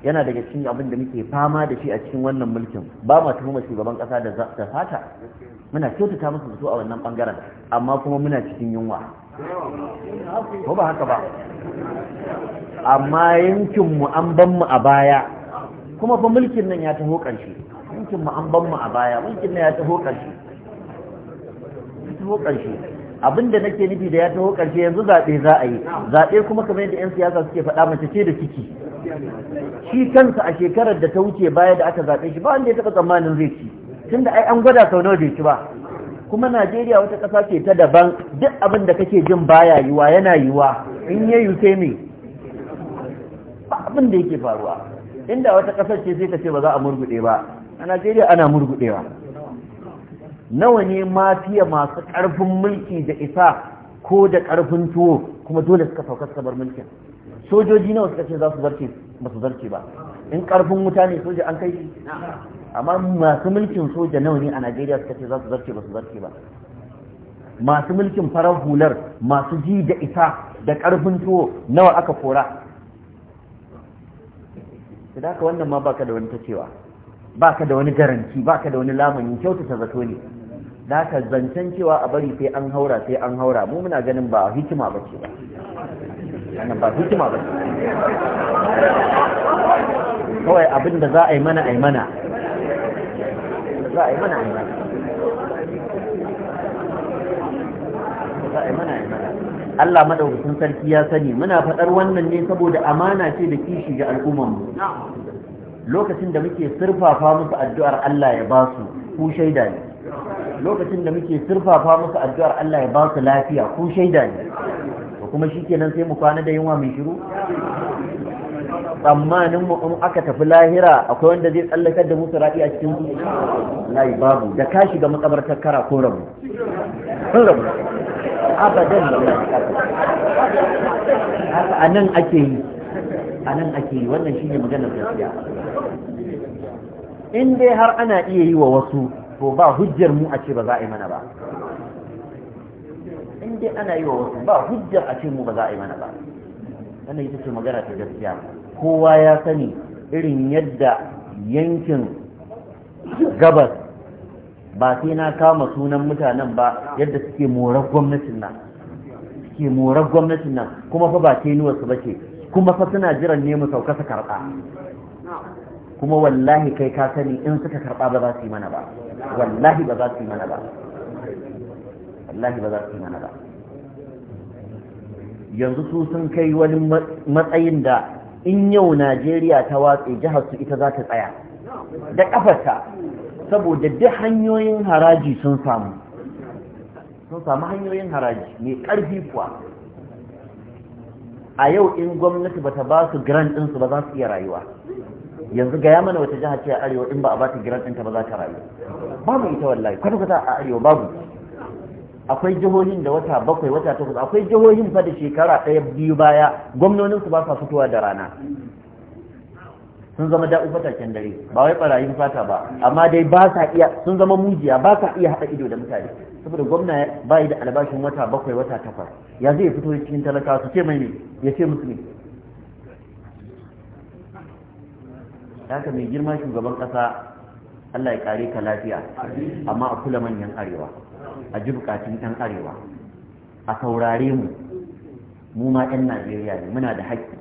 yana daga cikin abin da muke fama da shi a cikin wannan mulkin ba ma tuhuma shugaban ƙasa da da fata muna kyautata musu da su a wannan bangaren amma kuma muna cikin yunwa ko ba haka ba amma yankin mu an ban mu a baya kuma fa mulkin nan ya taho shi. yankin mu an ban mu a baya mulkin nan ya taho shi. ya taho ƙarshe abin da nake nufi da ya taho karshe yanzu zaɓe za a yi zaɓe kuma kamar yadda 'yan siyasa suke faɗa mace ce da ciki shi kansa a shekarar da ta wuce baya da aka zaɓe shi ba wanda ya taɓa tsammanin zai ci tunda ai an gwada sau nawa bai ci ba kuma najeriya wata ƙasa ce ta daban duk abin da kake jin baya yiwa yana yiwa in ya yi sai me ba abin da yake faruwa inda wata ƙasar ce sai ka ce ba za a murguɗe ba a najeriya ana murguɗewa nawa ne mafiya masu ƙarfin mulki da isa ko da ƙarfin tuwo kuma dole suka sauka suka bar mulkin sojoji nawa suka ce za su zarce ba su zarce ba in ƙarfin wuta ne soja an kai amma masu mulkin soja nawa ne a najeriya suka ce za su zarce ba su zarce ba masu mulkin farar hular masu ji da isa da ƙarfin tuwo nawa aka kora da haka wannan ma baka da wani tacewa baka da wani garanti baka da wani lamani kyautata zato ne da ka zancen cewa a bari sai an haura sai an haura mu muna ganin ba hikima ba ce ba wannan ba hikima ba ce kawai abin da za a yi mana a yi mana za a yi mana a yi mana za a yi mana a yi mana Allah madaukakin sarki ya sani muna faɗar wannan ne saboda amana ce da kishi ga mu. lokacin da muke surfafa musu addu'ar Allah ya ba su ku shaida ne lokacin da muke surfafa musu addu'ar Allah ya ba su lafiya ko shaida ne to kuma shikenan sai mu kwana da yunwa mai shiru tsammanin mu in aka tafi lahira akwai wanda zai tsallakar da musu raɗi a cikin Allah Ya babu da ka shiga makabartar kara ko rabu ko rabu abadan da haka a ake yi a nan ake yi wannan shine maganar gaskiya in dai har ana iya yi wa wasu to ba hujjar mu a ce ba za a yi mana ba in ana yi wa wasu ba hujjar a ce mu ba za a yi mana ba ana yi ce magana ta gaskiya kowa ya sani irin yadda yankin gabas ba sai na kama sunan mutanen ba yadda suke morar gwamnatin nan suke morar gwamnatin nan kuma fa ba tenuwarsu ba ce kuma fa suna jiran ne mu sauka su karɓa kuma wallahi kai ka sani in suka karɓa ba za su yi mana ba wallahi ba za su yi mana ba wallahi ba za su yi mana ba yanzu su sun kai wani matsayin da in yau najeriya ta watse jihar su ita za ta tsaya da kafarta saboda duk hanyoyin haraji sun samu sun samu hanyoyin haraji mai karfi kuwa a yau in gwamnati ba ta ba su grant ɗinsu ba za su iya rayuwa yanzu gaya mana wata jiha ce a arewa in ba a bata giran ɗinta ba za ta rayu babu ita wallahi kwata kwata a arewa babu akwai jihohin da wata bakwai wata takwas akwai jihohin fa da shekara ɗaya biyu baya gwamnonin su ba sa fitowa da rana sun zama da'u fataken dare ba wai barayin fata ba amma dai ba sa iya sun zama mujiya ba sa iya haɗa ido da mutane saboda gwamna ba yi da albashin wata bakwai wata takwas ya zai fito cikin talakawa su ce mai ne ya ce musu ne haka mai girma shugaban ƙasa Allah ya kare ka lafiya amma a kula manyan arewa a ji bukatun ɗan arewa a saurare mu mu ma 'yan najeriya ne muna da haƙƙi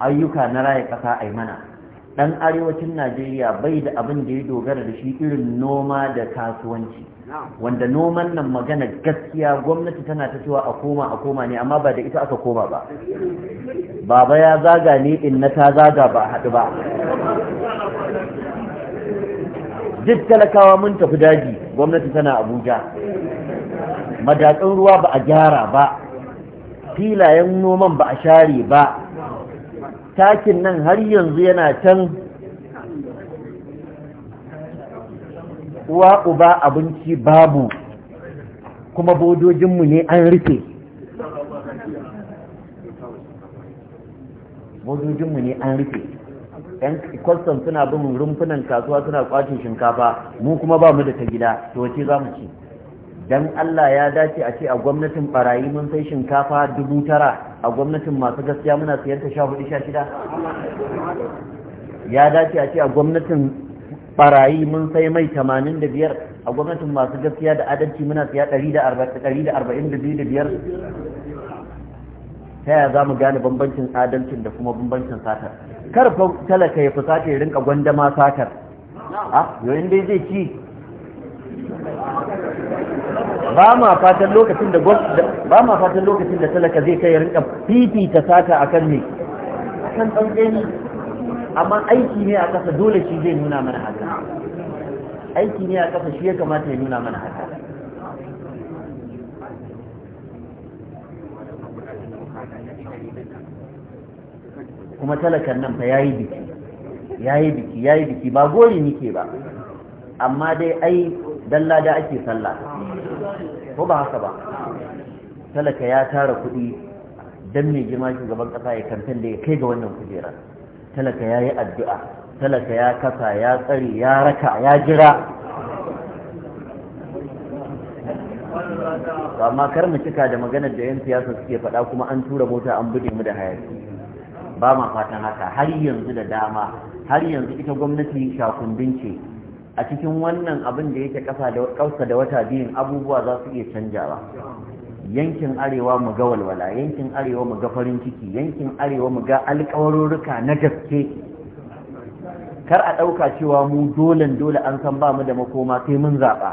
ayyuka na raya ƙasa ai mana dan arewacin najeriya bai da abin da ya dogara da shi irin noma da kasuwanci wanda noman nan magana gaskiya gwamnati tana ta cewa a koma a koma ne amma ba da ita aka koma ba baba ya zaga ne in na ta zaga ba haɗu ba duk talakawa mun tafi daji gwamnati tana abuja madatsun ruwa ba a gyara ba filayen noman ba a share ba takin nan har yanzu yana can uwa uba abinci babu kuma bodojinmu ne an rufe bodojinmu ne an rufe yan kwastam suna bin rumfunan kasuwa suna kwacin shinkafa mu kuma ba mu da ta gida to ce za mu ci don allah ya dace a ce a gwamnatin barayi mun sai shinkafa dubu tara a gwamnatin masu gaskiya muna siyar ta sha hudu sha shida ya dace a ce a gwamnatin barayi mun sai mai tamanin da biyar a gwamnatin masu gaskiya da adalci muna siya ɗari da arba'in da biyu da biyar ta yaya za mu gane bambancin adalcin da kuma bambancin satar kar fa talaka ya fusata ya rinka gwandama satar a ah, yoyin dai zai ci ba ma fatan lokacin da ba ma fatan lokacin da talaka zai kai rinka fifita sata akan ne akan tsantseni amma aiki ne a kasa dole shi zai nuna mana haka aiki ne a kasa shi ya kamata ya nuna mana haka kuma talakan nan fa yayi biki yayi biki yayi biki ba gori nike ba amma dai ai dan lada ake sallah ko ba haka ba talaka ya tara kuɗi dan mai girma shugaban ƙasa ya kantan da ya kai ga wannan kujerar talaka ya yi addu'a talaka ya kasa ya tsare ya raka ya jira Ba ma kar mu cika da maganar da 'yan siyasa suke faɗa kuma an tura mota an buɗe mu da hayaki ba ma fatan haka har yanzu da dama har yanzu ita gwamnati shafin ce a cikin wannan abin da yake kafa da wata biyun abubuwa za su iya canjawa yankin arewa mu ga walwala yankin arewa mu ga farin ciki yankin arewa mu ga alƙawarurruka na gaske kar a ɗauka cewa mu dolen dole an san ba mu da makoma sai mun zaɓa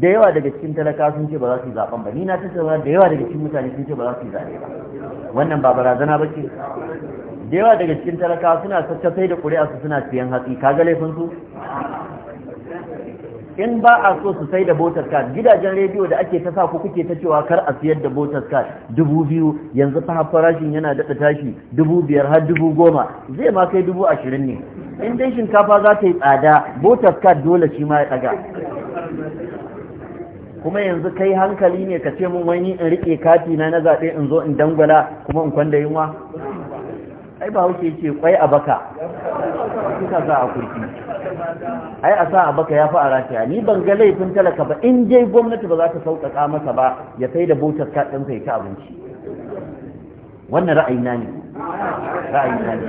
da yawa daga cikin talaka sun ce ba za su yi zaɓen ba ni na tattauna da yawa daga cikin mutane sun ce ba za su yi zaɓe ba wannan ba barazana ba ce da yawa daga cikin talaka suna sassafai da ƙuri'a su suna siyan hatsi kaga laifin su in ba a so su sai da botas card gidajen rediyo da ake ta sa ku kuke ta cewa kar a siyar da botas card dubu biyu yanzu fa farashin yana daɗa tashi dubu biyar har dubu goma zai ma kai dubu ashirin ne in dai shinkafa za ta yi tsada botas card dole shi ma ya ɗaga kuma yanzu kai hankali ne ka ce mun wani in riƙe kati na na zaɓe in zo in dangwala kuma in kwanda yunwa ai ba wuce ce kwai a baka kuka za a kurki ai a sa a baka ya fi a rataya ni ban ga laifin talaka ba in je gwamnati ba za ta sauƙaƙa masa ba ya sai da butar kaɗin sai ta abinci wannan ra'ayina ne na ne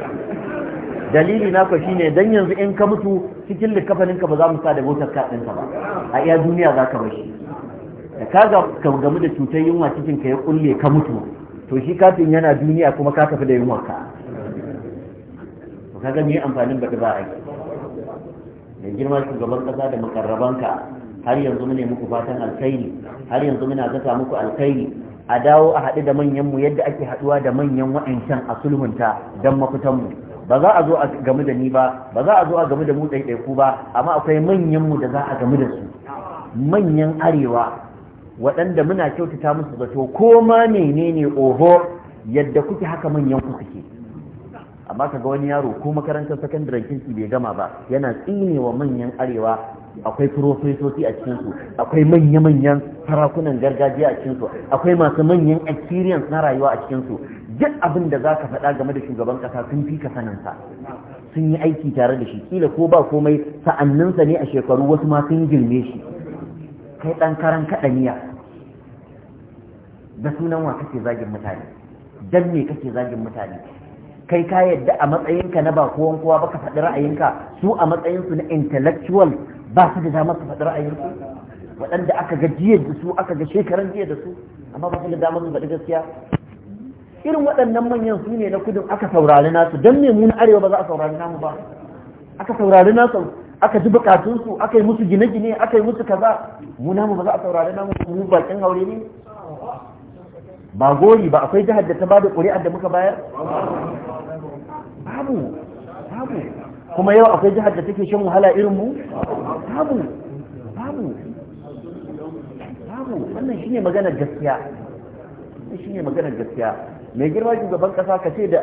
dalili na ku shine dan yanzu in ka mutu cikin likafanin ka ba za mu sa da butar kaɗin ka ba a iya duniya za ka bashi da ka ga gamu da cutar yunwa cikin ka ya kulle ka mutu to shi kafin yana duniya kuma ka tafi da yunwa ka kaga me amfanin ba da ba a yi mai girma shugaban kasa da makarrabanka har yanzu mune muku fatan alkhairi har yanzu muna zata muku alkhairi a dawo a haɗu da manyan mu yadda ake haɗuwa da manyan wa'ancan a sulhunta don mafitan mu ba za a zo a gamu da ni ba ba za a zo a gamu da mu ɗaiɗaiku ba amma akwai manyan mu da za a gamu da su manyan arewa waɗanda muna kyautata musu zato ko ma menene oho yadda kuke haka manyan ku suke amma kaga wani yaro ko makarantar sakandaren kinki bai gama ba yana tsine wa manyan arewa akwai profesoci a cikinsu akwai manya-manyan sarakunan gargajiya a cikinsu akwai masu manyan experience na rayuwa a cikinsu duk abin da zaka faɗa game da shugaban ƙasa sun fi ka saninsa sun yi aiki tare da shi kila ko ba komai sa'anninsa ne a shekaru wasu ma sun girme shi kai ɗan karan kadaniya da sunan wa kake zagin mutane dan me kake zagin mutane kai ka yadda a matsayinka na ba kowan kowa ba ka faɗi ra'ayinka su a matsayinsu na intellectual ba su da damar su faɗi ra'ayinsu waɗanda aka ga jiya da su aka ga shekaran jiya da su amma ba su da damar su faɗi gaskiya irin waɗannan manyan su ne na kudin aka saurari nasu don me mu na arewa ba za a saurari namu ba aka saurari nasu aka ji bukatunsu aka yi musu gine-gine aka yi musu kaza mu namu ba za a saurari namu mu bakin haure ne ba gori ba akwai jihar da ta bada ƙuri'ar da muka bayar babu babu kuma yau akwai jihar da take shan wahala irin mu babu babu babu wannan shine magana gaskiya wannan shine magana gaskiya mai girma shugaban kasa ka ce da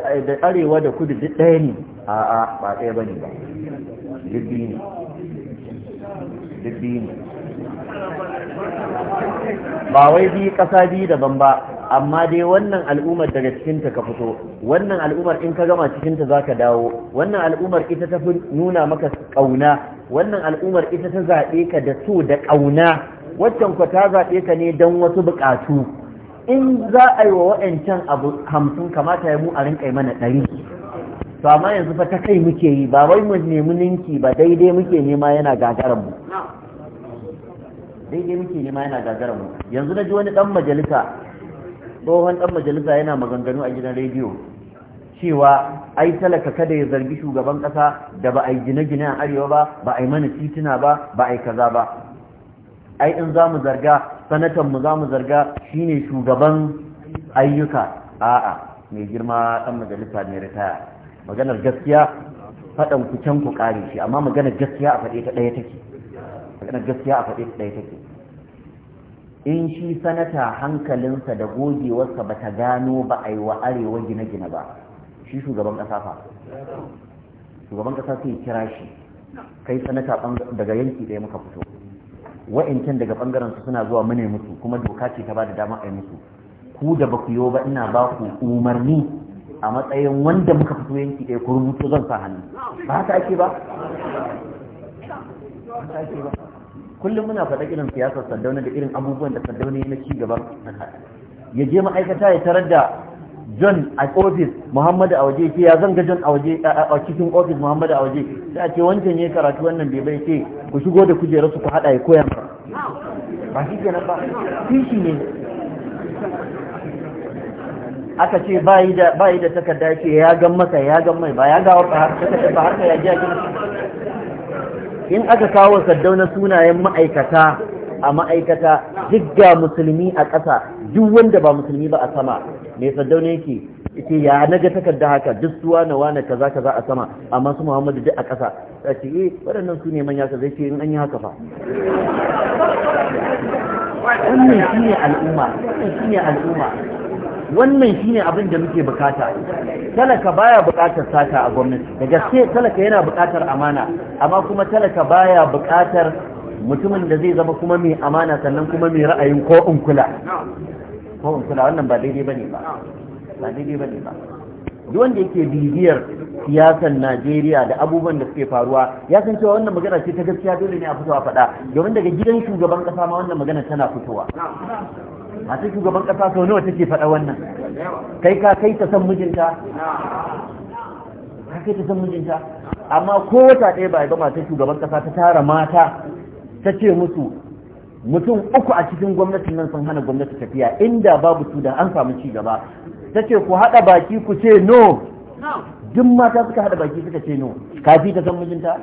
arewa da kudu duk ɗaya ne a a ba ɗaya bane ba biyu ne biyu ne ba wai biyu ƙasa biyu daban ba amma dai wannan al'ummar daga cikinta ka fito wannan al'ummar in ka gama cikinta za ka dawo wannan al'ummar ita ta fi nuna maka ƙauna wannan al'ummar ita ta zaɓe ka da so da ƙauna waccan ku ta zaɓe ka ne don wasu buƙatu in za a yi wa wa'ancan abu hamsin kamata ya mu a rinƙa mana ɗari to amma yanzu fa ta kai muke yi ba wai mu nemi ninki ba daidai muke nema yana gagarar mu daidai muke nema yana gagarar mu yanzu na ji wani ɗan majalisa tsohon ɗan majalisa yana maganganu a gidan rediyo cewa ai talaka kada ya zargi shugaban ƙasa da ba a yi gine-gine a arewa ba ba a yi mana titina ba ba a yi kaza ba ai in za mu zarga sanatan mu za mu zarga shine shugaban ayyuka a'a mai girma ɗan majalisa ne ritaya maganar gaskiya faɗan ku can ku ƙare shi amma maganar gaskiya a faɗe ta ɗaya maganar gaskiya a faɗe ta ɗaya take in shi sanata hankalinsa da gogewarsa ba ta gano ba a yi wa arewa gine-gine ba shi shugaban ƙasa fa shugaban ƙasa sai kira shi kai sanata daga yanki ɗaya muka fito wa'incan daga ɓangaren su suna zuwa mune mutu kuma doka ce ta ba da dama a yi mutu ku da ba ku yo ba ina ba ku umarni a matsayin wanda muka fito yanki ɗaya ku rubuto zan sa hannu ba haka ake ba ake ba kullum muna faɗa irin siyasar Sardauna da irin abubuwan da Sardauna ya ci gaban ya je ma'aikata ya tarar da John a ofis Muhammadu a waje ya zanga John a cikin ofis Muhammadu a waje sai a ce wancan ya karatu wannan bai bai ce ku shigo da kujerar su ku hada ya koya ba shi kenan ba shi ne aka ce bayi da da takarda ce ya gan masa ya gan mai ba ya ga wata har takarda ba har ya ji a in aka kawo saddauna sunayen ma'aikata a ma'aikata duk ga musulmi a ƙasa duk wanda ba musulmi ba a sama mai saddauna yake ita ya naga takarda haka duk suwa wane wane kaza kaza a sama amma su muhammadu duk a ƙasa ta ce eh waɗannan su ne manya ka zai ce in an yi haka fa wannan shi ne al'umma wannan shi ne al'umma wannan shine abin da muke bukata talaka baya bukatar sata a gwamnati da gaske talaka yana bukatar amana amma kuma talaka baya bukatar mutumin da zai zama kuma mai amana sannan kuma mai ra'ayin ko in kula ko kula wannan ba daidai bane ba ba daidai bane ba duk wanda yake bibiyar siyasar Najeriya da abubuwan da suke faruwa ya san cewa wannan magana ce ta gaskiya dole ne a fito a faɗa domin daga gidan shugaban kasa ma wannan magana tana fitowa cikin shugaban ƙasa sau nawa take faɗa wannan kai ka kai ta san mijinta ka kai ta san mijinta amma ko wata ɗaya ba ga ta shugaban ƙasa ta tara mata ta ce musu mutum uku a cikin gwamnatin nan sun hana gwamnati tafiya inda babu su da an samu ci gaba ta ce ku haɗa baki ku ce no duk mata suka haɗa baki suka ce no kafi ta san mijinta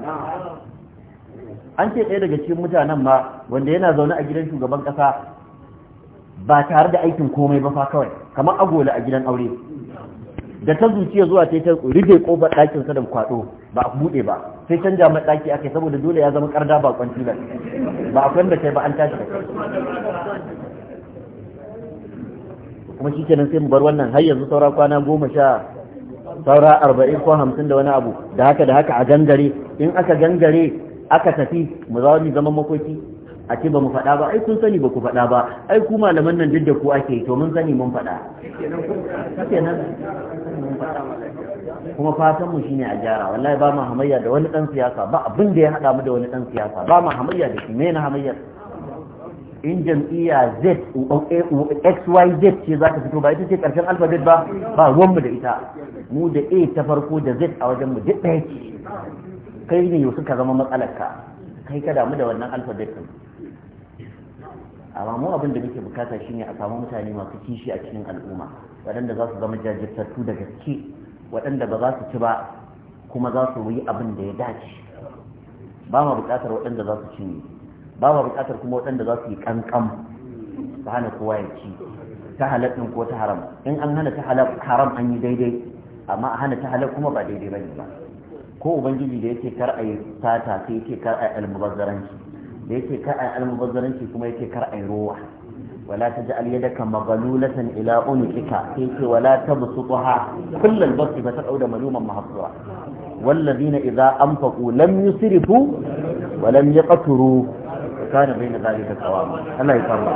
an ce ɗaya daga cikin mutanen ma wanda yana zaune a gidan shugaban ƙasa ba tare da aikin komai ba fa kawai kamar agola a gidan aure da ta zuciya zuwa sai ta rufe kofar ɗakin sa da kwado ba a buɗe ba sai canja mai ɗaki ake saboda dole ya zama karda ba kwanci ba ba a kwanda kai ba an tashi kai kuma shi kenan sai mu bar wannan har yanzu saura kwana goma sha saura arba'in ko hamsin da wani abu da haka da haka a gangare in aka gangare aka tafi mu za mu zama makoki a ce ba mu faɗa ba ai kun sani ba ku faɗa ba ai ku malaman nan duk da ku ake to mun sani mun faɗa kuma fatan mu shine a gyara wallahi ba mu hamayya da wani dan siyasa ba abin da ya hada mu da wani dan siyasa ba mu hamayya da shi me na hamayya in jam'iyya Z XYZ ce za ta fito ba ita ce karshen alfabet ba ba ruwan mu da ita mu da A ta farko da Z a wajen mu duk ɗaya ce kai ne yau suka zama matsalarka kai ka damu da wannan alfabet. amma mu abin da muke bukata shine a samu mutane masu kishi a cikin al'umma waɗanda za su zama jajirtattu da gaske waɗanda ba za su ci ba kuma za su yi abin da ya dace ba ma bukatar waɗanda za su cinye ba ma bukatar kuma waɗanda za su yi kankan ta hana kowa ya ci ta halal ɗin ko ta haram in an hana ta halal haram an yi daidai amma a hana ta halal kuma ba daidai bane ba ko ubangiji da yake kar a yi sata sai yake kar a yi almubazzaranci da yake kar'a almubazzaranci kuma yake kar'a ruwa wala ta ji aliyada kan magalulatan ila unika ta yake wala ta busu tuha kullal basu ba ta ɗau da maluman mahabbuwa wallazi na iza an faƙo lam yi sirifu wa lam yi ƙaturu ta kare bai na zari da tsawa ana yi samu